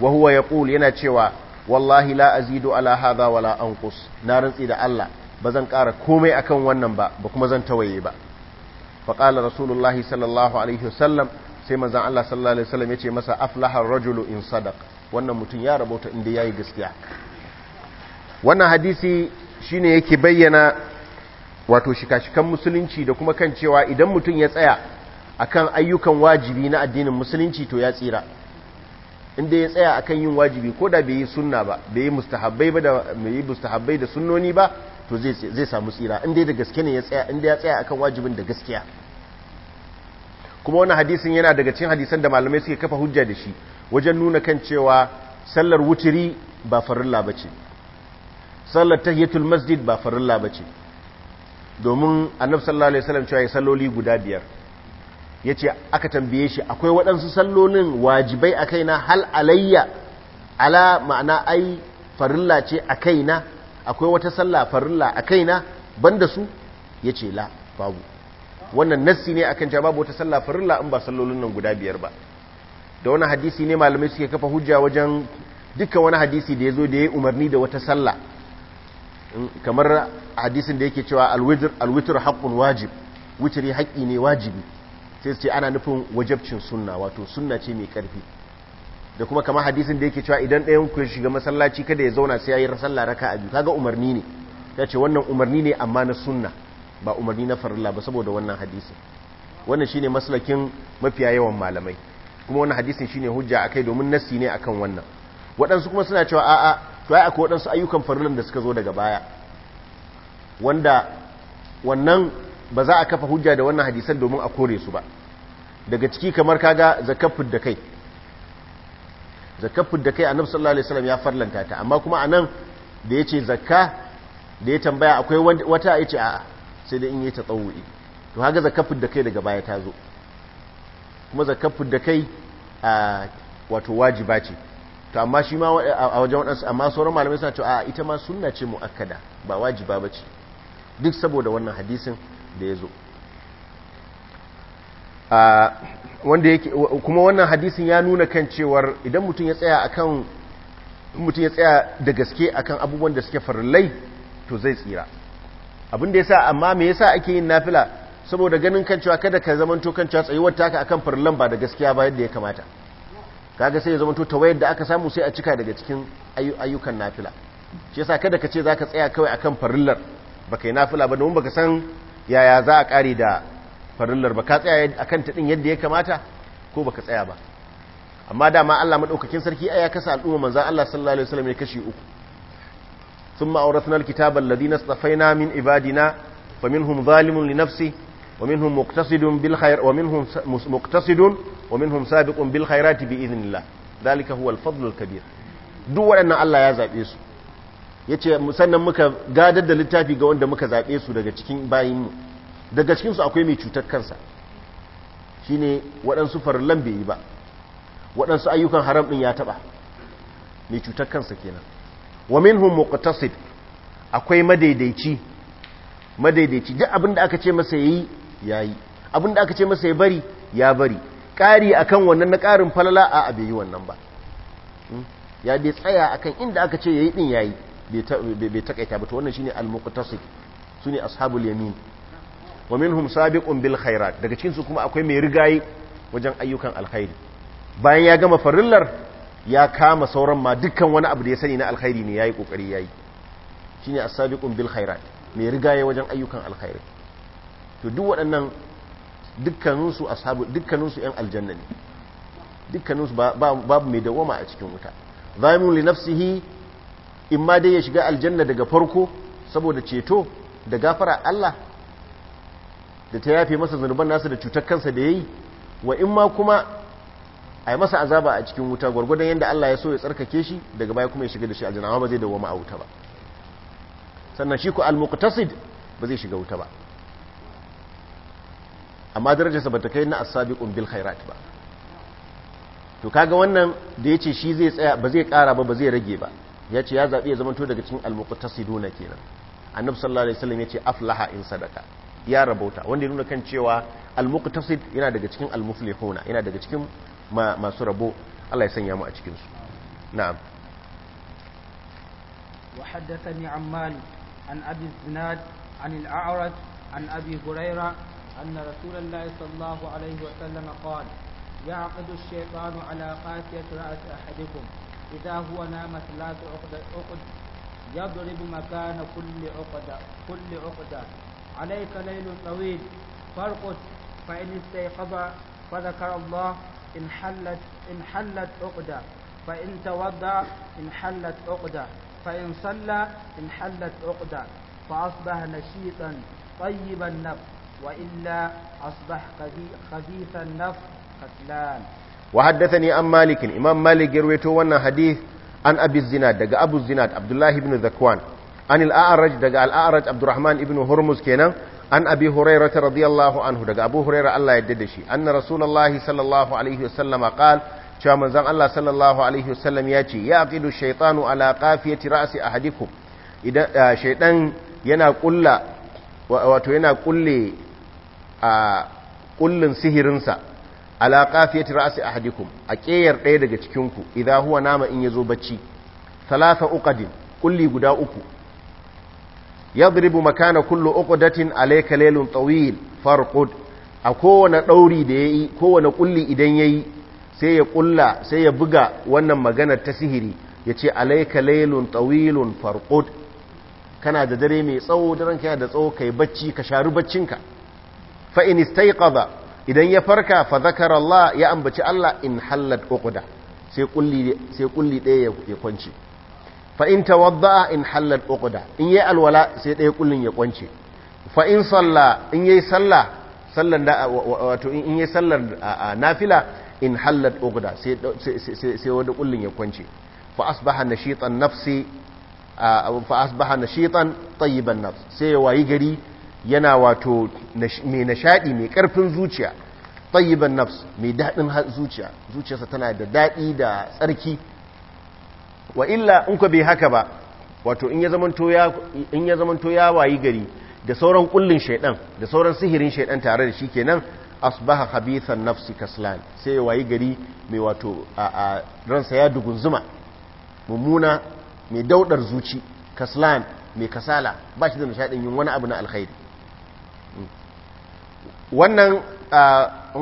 wa huwa yaqul yana cewa wallahi la azidu ala hadha wala anqus na rantsi da Allah bazan ƙara komai akan wannan ba ba kuma zan tawaye ba fa qala rasulullahi sallallahu alaihi wasallam sai manzon Allah sallallahu alaihi wasallam yace masa aflaha ar-rajulu in sadaq wannan mutum ya rabota inda yayi gaskiya wannan hadisi shine yake bayyana wato shikashikan musulunci da kuma kan cewa idan mutum ya tsaya akan ayyukan wajibi na addinin musulunci to ya tsira inda ya tsaya akan yin wajibi ko da bai yi sunna ba bai yi mustahabbai ba da bai yi mustahabbai da sunnoni ba to zai zai samu tsira inda da gaske ne ya tsaya inda ya tsaya akan wajibin da gaskiya kuma wannan hadisin yana daga cikin hadisan da malamai suke kafa hujja da shi wajen nuna kan cewa sallar wutiri ba farilla bace sallar tahiyatul masjid ba farilla bace domin annabi sallallahu alaihi wasallam cewa ya salloli guda biyar ya ce aka tambaye shi akwai waɗansu sallonin wajibai a kaina hal alayya ala ma'ana ai farilla ce a kaina akwai wata sallah farilla a kaina banda su ya ce la babu wannan nassi ne akan cewa babu wata salla farilla in ba sallolin nan guda biyar ba da wani hadisi ne malamai suke kafa hujja wajen dukkan wani hadisi da ya zo da ya umarni da wata sallah kamar hadisin da yake cewa alwitr alwitr haqqun wajib witri haqqi ne wajibi sai ce ana nufin wajabcin sunna wato sunna ce mai karfi da kuma kamar hadisin da yake cewa idan ɗayan ku shiga masallaci kada ya zauna sai ya yi sallah raka a biyu kaga umarni ne ya ce wannan umarni ne amma na sunna ba umarni na farilla ba saboda wannan hadisin wannan shine maslakin mafiya yawan malamai kuma wannan hadisin shine hujja akai domin nassi ne akan wannan waɗansu kuma suna cewa a'a to ai akwai waɗansu ayyukan farillan da suka zo daga baya wanda wannan ba za a kafa hujja da wannan hadisan domin a kore su ba daga ciki kamar kaga zakafin da kai zakafin da kai annabi sallallahu alaihi wasallam ya farlanta ta amma kuma anan da yace zakka da ya tambaya akwai wata yace a'a sai da in yi ta tsawu'i to haka zakafin da kai daga baya ta zo kuma zakafin da kai a wato wajiba ce to amma shi ma a wajen waɗansu amma sauran malamai suna cewa a ita ma sunna ce mu'akkada ba wajiba ba ce duk saboda wannan hadisin da ya zo kuma wannan hadisin ya nuna kan cewar idan mutum ya tsaya akan mutum ya tsaya da gaske akan abubuwan da suke farillai to zai tsira abin da ya sa amma me yasa ake yin nafila saboda ganin kan cewa kada ka to kan cewa tsayuwar taka akan farillan ba da gaskiya ba yadda ya kamata kaga sai ya zamanto wayar da aka samu sai a cika daga cikin ayyukan nafila shi yasa kada ka ce zaka tsaya kawai akan farillar baka yi nafila ba domin baka san yaya za a ƙari da farillar ba ka tsaya a kan ɗin yadda ya kamata ko ba ka tsaya ba amma dama Allah maɗaukakin sarki ya kasa al'umma manzan Allah sallallahu Alaihi wasallam ya kashi uku sun ma'auratun kitabar ladina tsafaina min ibadina fa minhum zalimun li nafsi wa minhum muqtasidun bil khair wa minhum muqtasidun wa minhum sabiqun bil khairati bi idhnillah dalika huwa al-fadl al-kabir duk waɗannan Allah ya zabe su ya ce musannan muka gadar da littafi ga wanda muka zaɓe su daga cikin bayinmu daga cikinsu akwai mai cutar kansa shi ne waɗansu farillan bai yi ba waɗansu ayyukan haram ɗin ya taɓa mai cutar kansa kenan wa minhum muqtasid akwai madaidaici madaidaici duk abin da aka ce masa yayi yayi abin da aka ce masa ya bari ya bari ƙari akan wannan na ƙarin falala a abe yi wannan ba hmm? ya dai tsaya akan inda aka ce yayi din yayi bai takaita ba to wannan shine al-muqtasid sune ashabul yamin wa minhum sabiqun bil khairat daga cikin su kuma akwai mai rigayi wajen ayyukan alkhairi bayan ya gama farillar ya kama sauran ma dukkan wani abu da ya sani na alkhairi ne yayi kokari yayi shine as-sabiqun bil khairat mai rigaye wajen ayyukan alkhairi to duk waɗannan dukkanin su ashabu dukkanin su ƴan aljanna ne dukkanin su babu mai dawama a cikin wuta zaimun li nafsihi in ma dai ya shiga aljanna daga farko saboda ceto da gafara Allah da ta yafe masa zanuban nasa da cutar kansa da yayi wa in ma kuma a yi masa azaba a cikin wuta gwargwadon yadda Allah ya so ya tsarkake shi daga baya kuma ya shiga da shi aljanna ba zai ma a wuta ba sannan shi ku al-muqtasid ba zai shiga wuta ba amma darajarsa ba ta kai na as-sabiqun bil khairat ba to kaga wannan da yace shi zai tsaya ba zai kara ba ba zai rage ba ya ce ya zaɓi ya zamanto daga cikin na kenan annabi sallallahu alaihi wasallam ya ce aflaha in sadaka ya rabauta wanda ya nuna kan cewa almuqtasid yana daga cikin almuflihuna yana daga cikin masu rabo Allah ya sanya mu a cikin su na'am wa haddathani an malik an abi zinad an al-a'raj an abi huraira anna rasulullahi sallallahu alaihi wasallam qala إذا هو نام ثلاث عقد عقد يضرب مكان كل عقدة كل عقدة عليك ليل طويل فارقد فإن استيقظ فذكر الله إن حلت إن حلت عقدة فإن توضأ إن حلت عقدة فإن صلى إن حلت عقدة فأصبح نشيطا طيب النفس وإلا أصبح خبيث النفس كسلان wa haddathani an malikin imam malik ya wannan hadith an abi zinad daga abu zinad abdullahi ibn zakwan an al-a'raj daga al-a'raj ibn hurmus kenan an abi hurairah radiyallahu anhu daga abu hurairah Allah ya yarda da shi anna rasulullahi sallallahu alaihi wasallam qala cewa manzon Allah sallallahu alaihi wasallam ya ce ya aqidu shaytanu ala qafiyati ra'si ahadikum idan shaydan yana kulla wato yana sihirinsa ala qafiyati ra'si ahadikum a ƙeyar ɗaya daga cikin ku idza huwa nama in yazo bacci thalatha uqadin kulli guda uku yadribu makana kullu uqdatin alayka laylun tawil farqud a kowane ɗauri da yayi kowane kulli idan yayi sai ya kulla sai ya buga wannan maganar ta sihiri yace alayka laylun tawilun farqud kana da dare mai tsawo da kana da tsawo kai bacci ka sharu baccinka fa in istayqadha idan ya farka fa zakara Allah ya ambaci Allah in hallat uquda sai kulli sai kulli daya ya kwance fa in tawadda in hallat uquda in yayi alwala sai daya kullin ya kwance fa in salla in yayi salla sallan da wato in yayi sallar nafila in hallat uquda sai sai wanda kullin ya kwance fa asbaha nashitan nafsi fa asbaha nashitan tayyiban nafs sai ya wayi gari yana wato mai nashaɗi mai karfin zuciya tayyiban nafs mai daɗin zuciya zuciyarsa tana da daɗi da tsarki wa illa in ku bai haka ba wato in ya zamanto ya wayi gari da sauran kullin shaidan da sauran sihirin shaidan tare da shi kenan asbaha habithan nafsi kaslan sai wayi gari mai wato a ransa ya dugunzuma mummuna mai daudar zuci kaslan mai kasala ba shi da nishadin yin wani abu na alkhairi wannan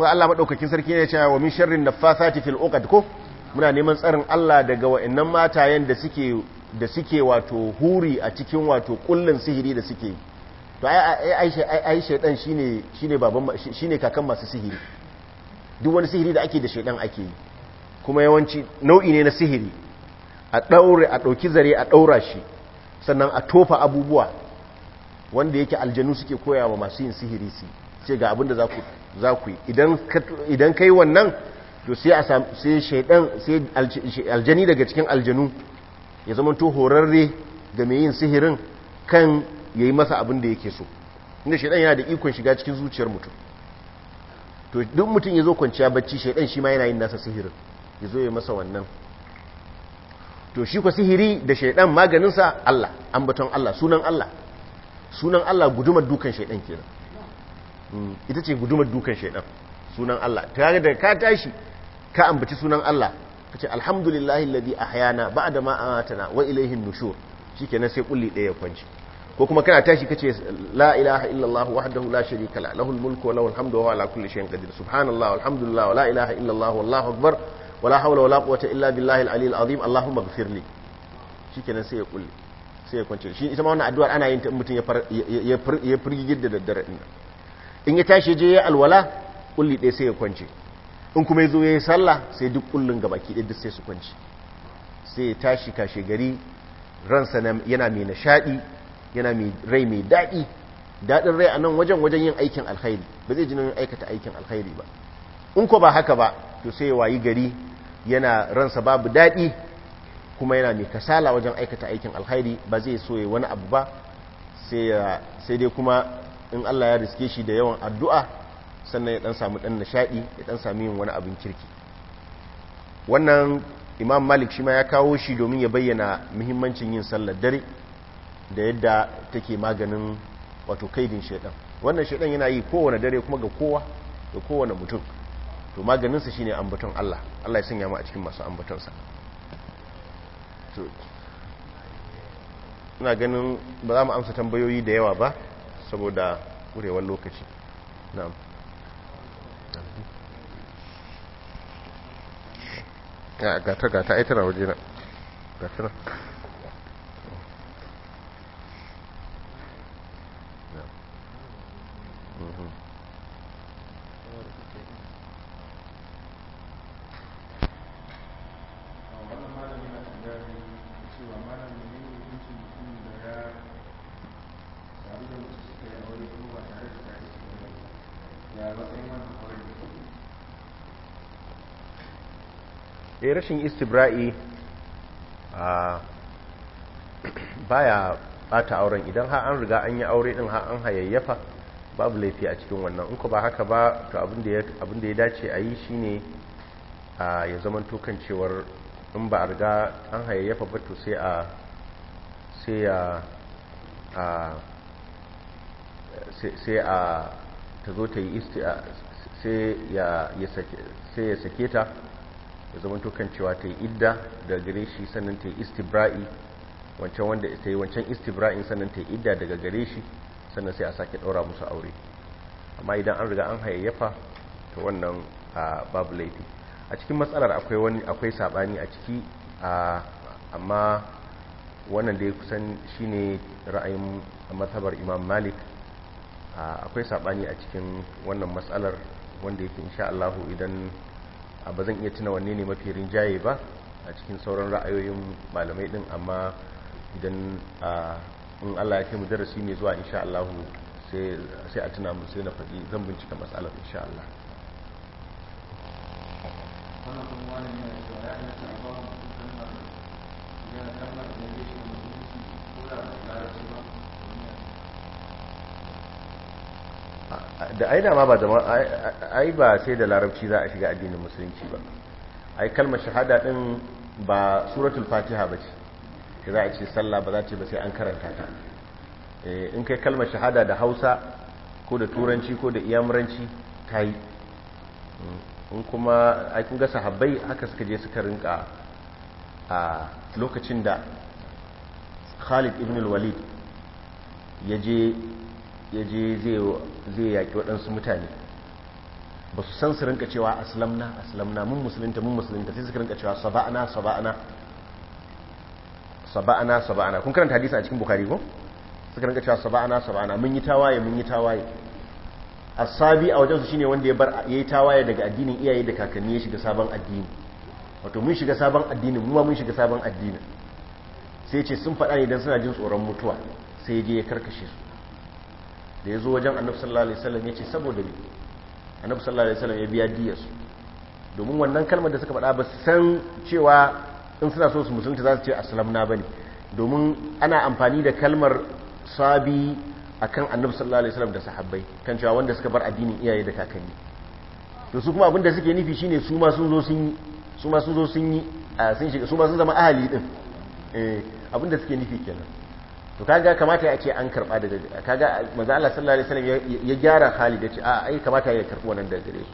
Allah maɗaukakin sarki ne cewa wa min sharrin nafathati fil uqad ko muna neman tsarin Allah daga wa'annan matayen da suke da wato huri a cikin wato kullun sihiri da suke to ai ai shaydan shine shine baban kakan masu sihiri duk wani sihiri da ake da shaydan ake yi kuma yawanci nau'i ne na sihiri a daure a dauki zare a ɗaura shi sannan a tofa abubuwa wanda yake aljanu suke koyawa masu yin sihiri su ce ga abin da za ku yi idan ka yi wannan to sai shaidan sai aljani daga cikin aljanu ya zama to horarre ga mai yin sihirin kan ya yi masa abin da yake so inda shaidan yana da ikon shiga cikin zuciyar mutum to duk mutum ya zo kwanciya bacci shaidan shi ma yana yin nasa sihirin ya zo ya masa wannan to shi kwa sihiri da shaidan maganinsa Allah ambaton Allah sunan Allah sunan Allah gudumar dukan shaidan kenan ita ce gudumar dukan shaidan sunan Allah tare da ka tashi ka ambaci sunan Allah ka ce alhamdulillahi alladhi ahyana ba'da ma amatana wa ilayhi an-nushur shikenan sai kulli daya kwanci ko kuma kana tashi kace la ilaha illallah wahdahu la sharika la lahul mulku wa lahul hamdu wa ala kulli shay'in qadir subhanallah walhamdulillah wa la ilaha illallah wallahu akbar wa la hawla wa la quwwata illa billahi al-ali al-azim allahumma ighfirli shikenan sai ya kulli sai ya kwance shi ita ma wannan addu'ar ana yin ta mutum ya ya firgigir da daddare din in ya tashi je ya alwala kulli ɗaya sai ya kwanci in kuma ya zo ya yi sallah sai duk kullun ga baki ɗaya duk sai su kwanci sai ya tashi kashe gari ransa yana mai nishaɗi yana mai rai mai daɗi daɗin rai a nan wajen wajen yin aikin alkhairi ba zai ji nan aikata aikin alkhairi ba in ko ba haka ba to sai ya wayi gari yana ransa babu daɗi kuma yana mai kasala wajen aikata aikin alkhairi ba zai so ya wani abu ba sai dai kuma in Allah ya riske shi da yawan addu'a sannan ya ɗan samu ɗan nishaɗi ya ɗan sami yin wani abin kirki wannan imam malik shi ma ya kawo shi domin ya bayyana muhimmancin yin sallar dare da yadda take maganin wato kaidin shaidan wannan shaidan yana yi kowane dare kuma ga kowa da kowane mutum to maganinsa shi ne ambaton Allah Allah ya sanya mu a cikin masu ambatonsa ina ganin ba za mu amsa tambayoyi da yawa ba saboda kurewar lokaci na'am ya gata gata ai tana waje na gata na Mm-hmm. E rashin istibra'i a baya bata auren idan ha an riga an yi aure din ha an hayayyafa babu laifi a cikin wannan in ku ba haka ba to abin da ya dace a yi shine a ya zaman tukan cewar in ba a riga an hayayyafa ba to sai a sai a ta zo ta yi sai ya sake ta ya zama tukan cewa ta yi idda daga gare shi sannan ta yi istibra'i wancan wanda ta yi wancan istibra'in sannan ta yi idda daga gare shi sannan sai a sake ɗaura musu aure amma idan an riga an hayayyafa to wannan babu laifi a cikin matsalar akwai wani sabani a ciki amma wannan da ya kusan shi ne ra'ayin matsabar imam malik akwai saɓani a cikin wannan matsalar wanda yake insha Allah idan ba zan iya tuna wanne ne mafi rinjaye ba a cikin sauran ra'ayoyin malamai din amma idan in Allah ya kai mu darasi ne zuwa insha Allah sai a tuna mu sai na faɗi zan bincika matsalar insha Allah ya da ai dama ba zama ai ba sai da larabci za a shiga addinin musulunci ba ai kalmar shahada din ba suratul fatiha ba ce za a ce sallah ba za ce ba sai an karanta ta eh, in kai kalmar shahada da hausa ko da turanci ko da iyamuranci ta yi hmm. in kuma ai kun ga sahabbai haka suka je suka rinka a lokacin da khalid ibn walid ya je ya je zai yaƙi waɗansu mutane ba su san su rinka cewa aslamna aslamna mun musulunta mun musulunta sai su rinka cewa saba'ana saba'ana saba'ana saba'ana kun karanta hadisi a cikin bukari ko suka rinka cewa saba'ana saba'ana mun yi tawaye mun yi tawaye asabi a wajensu shine wanda ya bar yayi tawaye daga addinin iyaye da kakanni ya shiga sabon addini wato mun shiga sabon addini mu ma mun shiga sabon addini sai ce sun faɗa ne dan suna jin tsoron mutuwa sai je ya karkashe su da ya zo wajen annabi sallallahu alaihi wasallam ya ce saboda ne annabi sallallahu alaihi wasallam ya biya diyar su domin wannan kalmar da suka faɗa ba su san cewa in suna so su musulunta za su ce aslamna bane domin ana amfani da kalmar sabi akan annabi sallallahu alaihi wasallam da sahabbai kan cewa wanda suka bar addinin iyaye da kakanni to su kuma abinda suke nufi shine su ma sun zo sun yi su ma sun zo sun yi sun shiga su ma sun zama ahali din eh abinda suke nufi kenan to kaga kamata ya ce an karba daga kaga manzo Allah sallallahu alaihi wasallam ya gyara hali da ce a ai kamata ya karbi wannan daga gare shi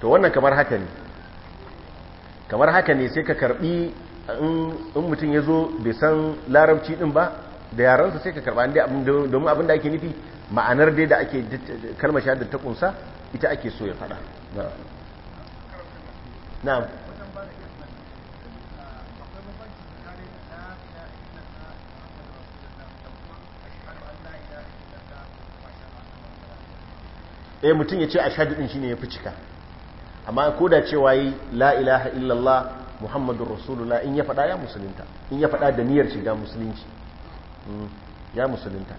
to wannan kamar haka ne kamar haka ne sai ka karbi in mutum ya zo bai san larabci din ba da yaransa sai ka karba domin abin da ake nufi ma'anar dai da ake kalmar shahadar ta kunsa ita ake so ya fada na'am eh mutum ya ce ashadu din shine yafi cika amma ko da cewa yi la ilaha illallah muhammadur rasulullah in ya faɗa ya musulunta in ya faɗa da niyyar shiga musulunci hmm, ya musulunta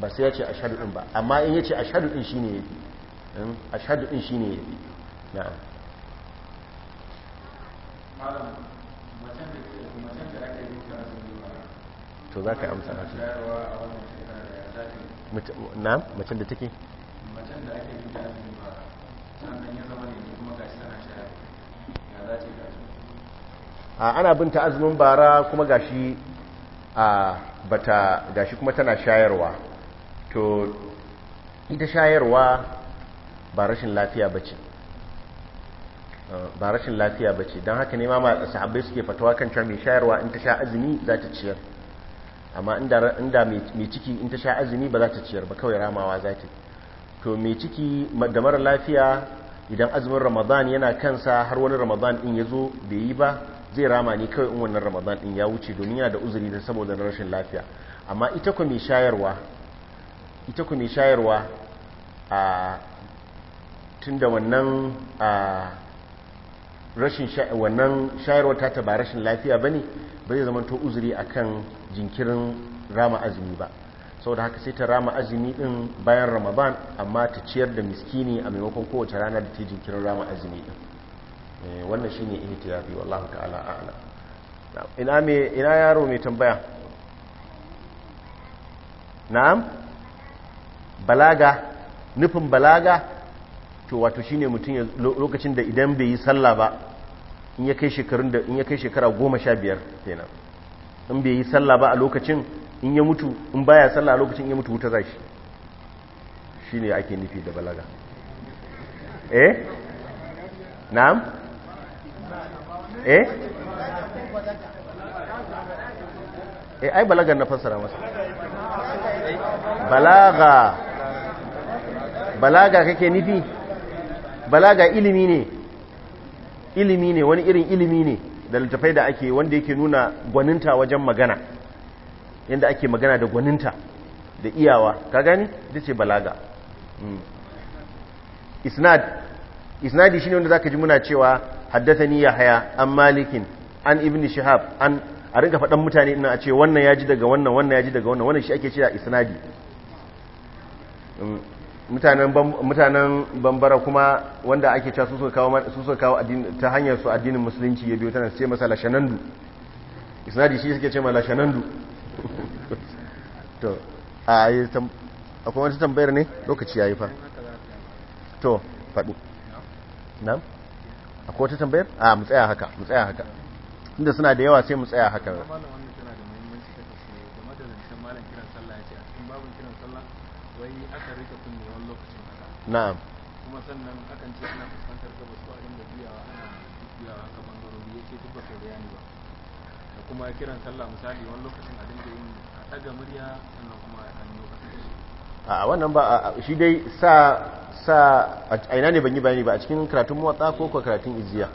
ba sai ya ce ashhadu din ba amma in ya ce ashhadu din shine yafi hmm, ashadu din shine yafi na'am to zaka amsa na'am macen da take macen da ake yi da azumi ba sannan ya zama ne kuma gashi tana shayar ya za ce gashi a ana ta azumin bara kuma gashi a bata gashi kuma tana shayarwa to ita shayarwa ba rashin lafiya bace ba rashin lafiya bace don haka ne ma sahabbai suke fatawa kan cewa mai shayarwa in ta sha azumi za ta ciyar amma inda mai ciki in ta sha azumi ba za ta ciyar ba kawai ramawa za ta ciyar to mai ciki da mara lafiya idan azumin ramadan yana kansa har wani ramadan din ya zo bai yi ba zai rama ne kawai in wannan ramadan din ya wuce domin yana da uzuri da saboda rashin lafiya amma ita ku mai shayarwa ita ku mai shayarwa a tun da wannan a rashin wannan shayarwa ta ta rashin lafiya ba ne ba zai zama to uzuri akan jinkirin rama azumi ba Sau da haka sai ta rama azumi din bayan ramadan amma ta ciyar da miskini a maimakon kowace rana da ta jinkirin rama azumi din eh, wannan shine ihtiyafi wallahu ta'ala a'lam ina ina yaro mai tambaya na'am balaga nufin balaga to wato shine mutum lokacin da idan bai yi sallah ba in ya kai shekara goma sha biyar kai in bai yi sallah ba a lokacin in ya mutu in baya sallah lokacin ya mutu wuta za shi shi ne ake nufi da balaga eh na'am eh eh ai balagar na fassara masa balaga balaga kake nufi balaga ilimi ne ilimi ne wani irin ilimi ne da littafai da ake wanda yake nuna gwaninta wajen magana yadda ake magana da gwaninta da iyawa ka gani da ce balaga mm. isnad isnadi shine wanda zaka ji muna cewa haddathani yahya an malikin an Ibni shihab an a rinka faɗan mutane ina a ce wannan ya ji daga wannan wannan ya ji daga wannan wannan shi ake cewa isnadi mm. mutanen bambara kuma wanda ake cewa su suka kawo ta hanyar su addinin musulunci ya biyo tana ce masa lashanandu isnadi shi suke ce ma lashanandu to a yi akwai wata tambayar ne lokaci ya yi fa to faɗi na akwai wata tambayar a mu tsaya haka mu tsaya haka inda suna da yawa sai mu tsaya haka wai aka rika kunne wani lokacin haka na'am kuma sannan akan ce ana fuskantar gabas ko a dinga biyawa ana biyawa ka bangarori yake duk ba kai bayani ba da kuma kiran sallah misali wani lokacin a daga murya sannan kuma hanyo a wannan ba shi dai sa sa a ina ne ban yi bayani ba a cikin karatun motsa ko kuwa karatun iziya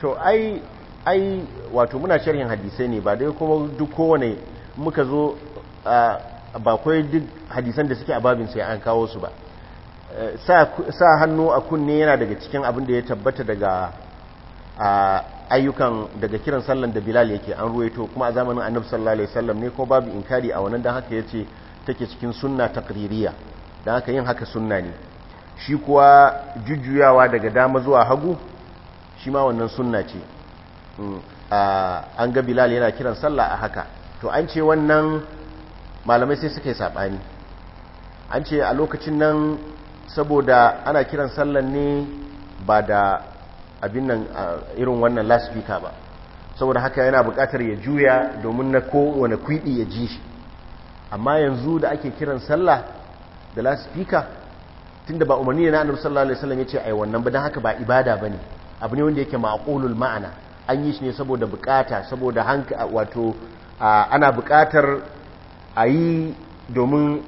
to ai ai wato muna sharhin hadisai ne ba dai kuma duk kowane muka zo ba kawai duk hadisan da suke a babin sai an kawo su ba eh, sa hannu a kunne yana daga cikin abin da ya tabbata daga ayyukan daga kiran sallan da bilal yake an ruwaito kuma a zamanin annab sallallahu alaihi wasallam ne ko babu inkari a wannan dan haka yace take cikin sunna taqririya dan haka yin haka sunna ne shi kuwa jujjuyawa daga dama zuwa hagu shi ma wannan sunna ce mm, an ga bilal yana kiran sallah a haka to an ce wannan malamai sai suka yi sabani an ce a lokacin nan saboda ana kiran sallan ne ba da abin nan irin wannan lasfika ba saboda haka yana buƙatar ya juya domin na kowane kwiɗi ya ji shi amma yanzu da ake kiran sallah da lasfika tunda ba umarni ne na annabi sallallahu alaihi wasallam yace ai wannan ba dan haka ba ibada bane abu ne wanda yake ma'qulul ma'ana an yi shi ne saboda bukata saboda hanka wato ana bukatar yi domin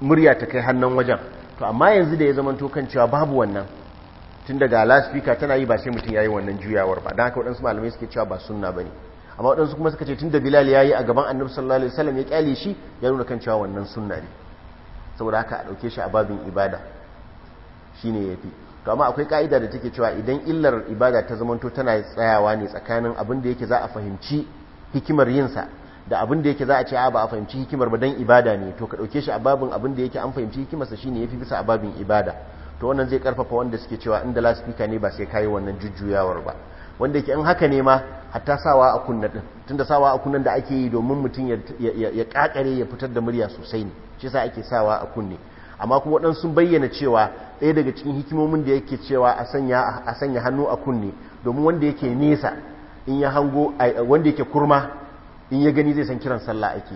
murya ta kai hannun wajen to amma yanzu da ya zama kan cewa babu wannan tun daga laspika tana yi ba sai mutum ya yi wannan juyawar ba don haka waɗansu malamai suke cewa ba sunna ba ne amma waɗansu kuma suka ce tun da bilal ya yi a gaban annabi sallallahu alaihi wasallam ya kyale shi ya nuna kan cewa wannan sunna ne saboda haka a ɗauke shi a babin ibada shine yafi to amma akwai ka'ida da take cewa idan illar ibada ta zamanto tana tsayawa ne tsakanin abin da yake za a fahimci hikimar yinsa da abin da yake za a ce a ba a fahimci hikimar ba dan ibada ne to ka ɗauke shi a babin abin da yake an fahimci hikimarsa shine yafi bisa a babin ibada to wannan zai karfafa wanda suke cewa inda laspika ne ba sai kayi wannan jujjuyawar ba wanda yake in haka ne ma hatta sawa a kunna din tunda sawa a kunnan da ake yi domin mutum ya kakare ya fitar da murya sosai ne shi yasa ake sawa a kunne amma kuma waɗansu sun bayyana cewa ɗaya daga cikin hikimomin da yake cewa a sanya hannu a kunne domin wanda yake nesa in ya hango wanda yake kurma in ya gani zai san kiran sallah ake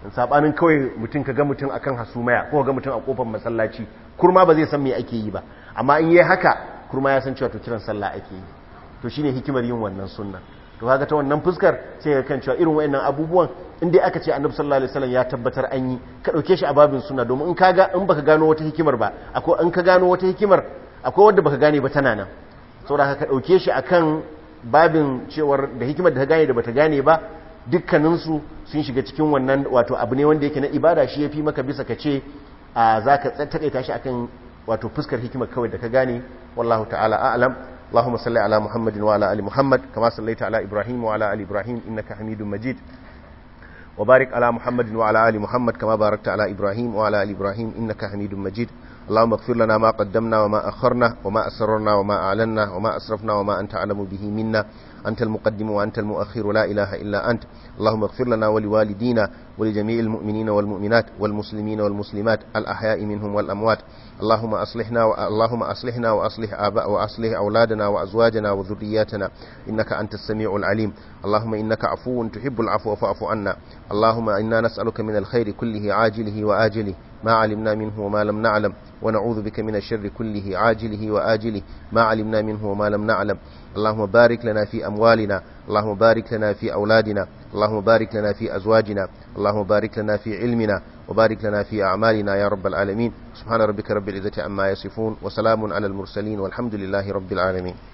In sabanin kawai mutum ka ga mutum akan hasumaya ko ga mutum a kofar masallaci kurma ba zai san me ake yi ba amma in yi haka kurma ya san cewa to kiran sallah ake yi to shine hikimar yin wannan sunna to kaga ta wannan fuskar sai ka kan cewa irin wayannan abubuwan in dai aka ce annabi sallallahu alaihi wasallam ya tabbatar an yi ka dauke shi a babin sunna domin in kaga in baka gano wata hikimar ba akwai in ka gano wata hikimar akwai wanda baka gane ba tana nan saboda ka dauke shi akan babin cewar da hikimar da ka gane da bata gane ba dukkaninsu sun shiga cikin wannan wato abu ne wanda yake na ibada shi ya fi maka bisa ka ce za ka taƙaita shi akan wato fuskar hikimar kawai da ka gane wallahu ta'ala a'lam اللهم صل على محمد وعلى ال محمد كما صليت على ابراهيم وعلى ال ابراهيم انك حميد مجيد وبارك على محمد وعلى ال محمد كما باركت على ابراهيم وعلى ال ابراهيم انك حميد مجيد اللهم اغفر لنا ما قدمنا وما اخرنا وما اسررنا وما اعلنا وما اسرفنا وما انت اعلم به منا أنت المقدم وأنت المؤخر لا إله إلا أنت اللهم اغفر لنا ولوالدينا ولجميع المؤمنين والمؤمنات والمسلمين والمسلمات الأحياء منهم والأموات اللهم أصلحنا و... اللهم أصلحنا وأصلح آباء وأصلح أولادنا وأزواجنا وذرياتنا إنك أنت السميع العليم اللهم إنك عفو تحب العفو فاعف عنا اللهم إنا نسألك من الخير كله عاجله وآجله ما علمنا منه وما لم نعلم ونعوذ بك من الشر كله عاجله وآجله ما علمنا منه وما لم نعلم اللهم بارك لنا في أموالنا اللهم بارك لنا في أولادنا اللهم بارك لنا في أزواجنا اللهم بارك لنا في علمنا وبارك لنا في أعمالنا يا رب العالمين سبحان ربك رب العزة عما يصفون وسلام على المرسلين والحمد لله رب العالمين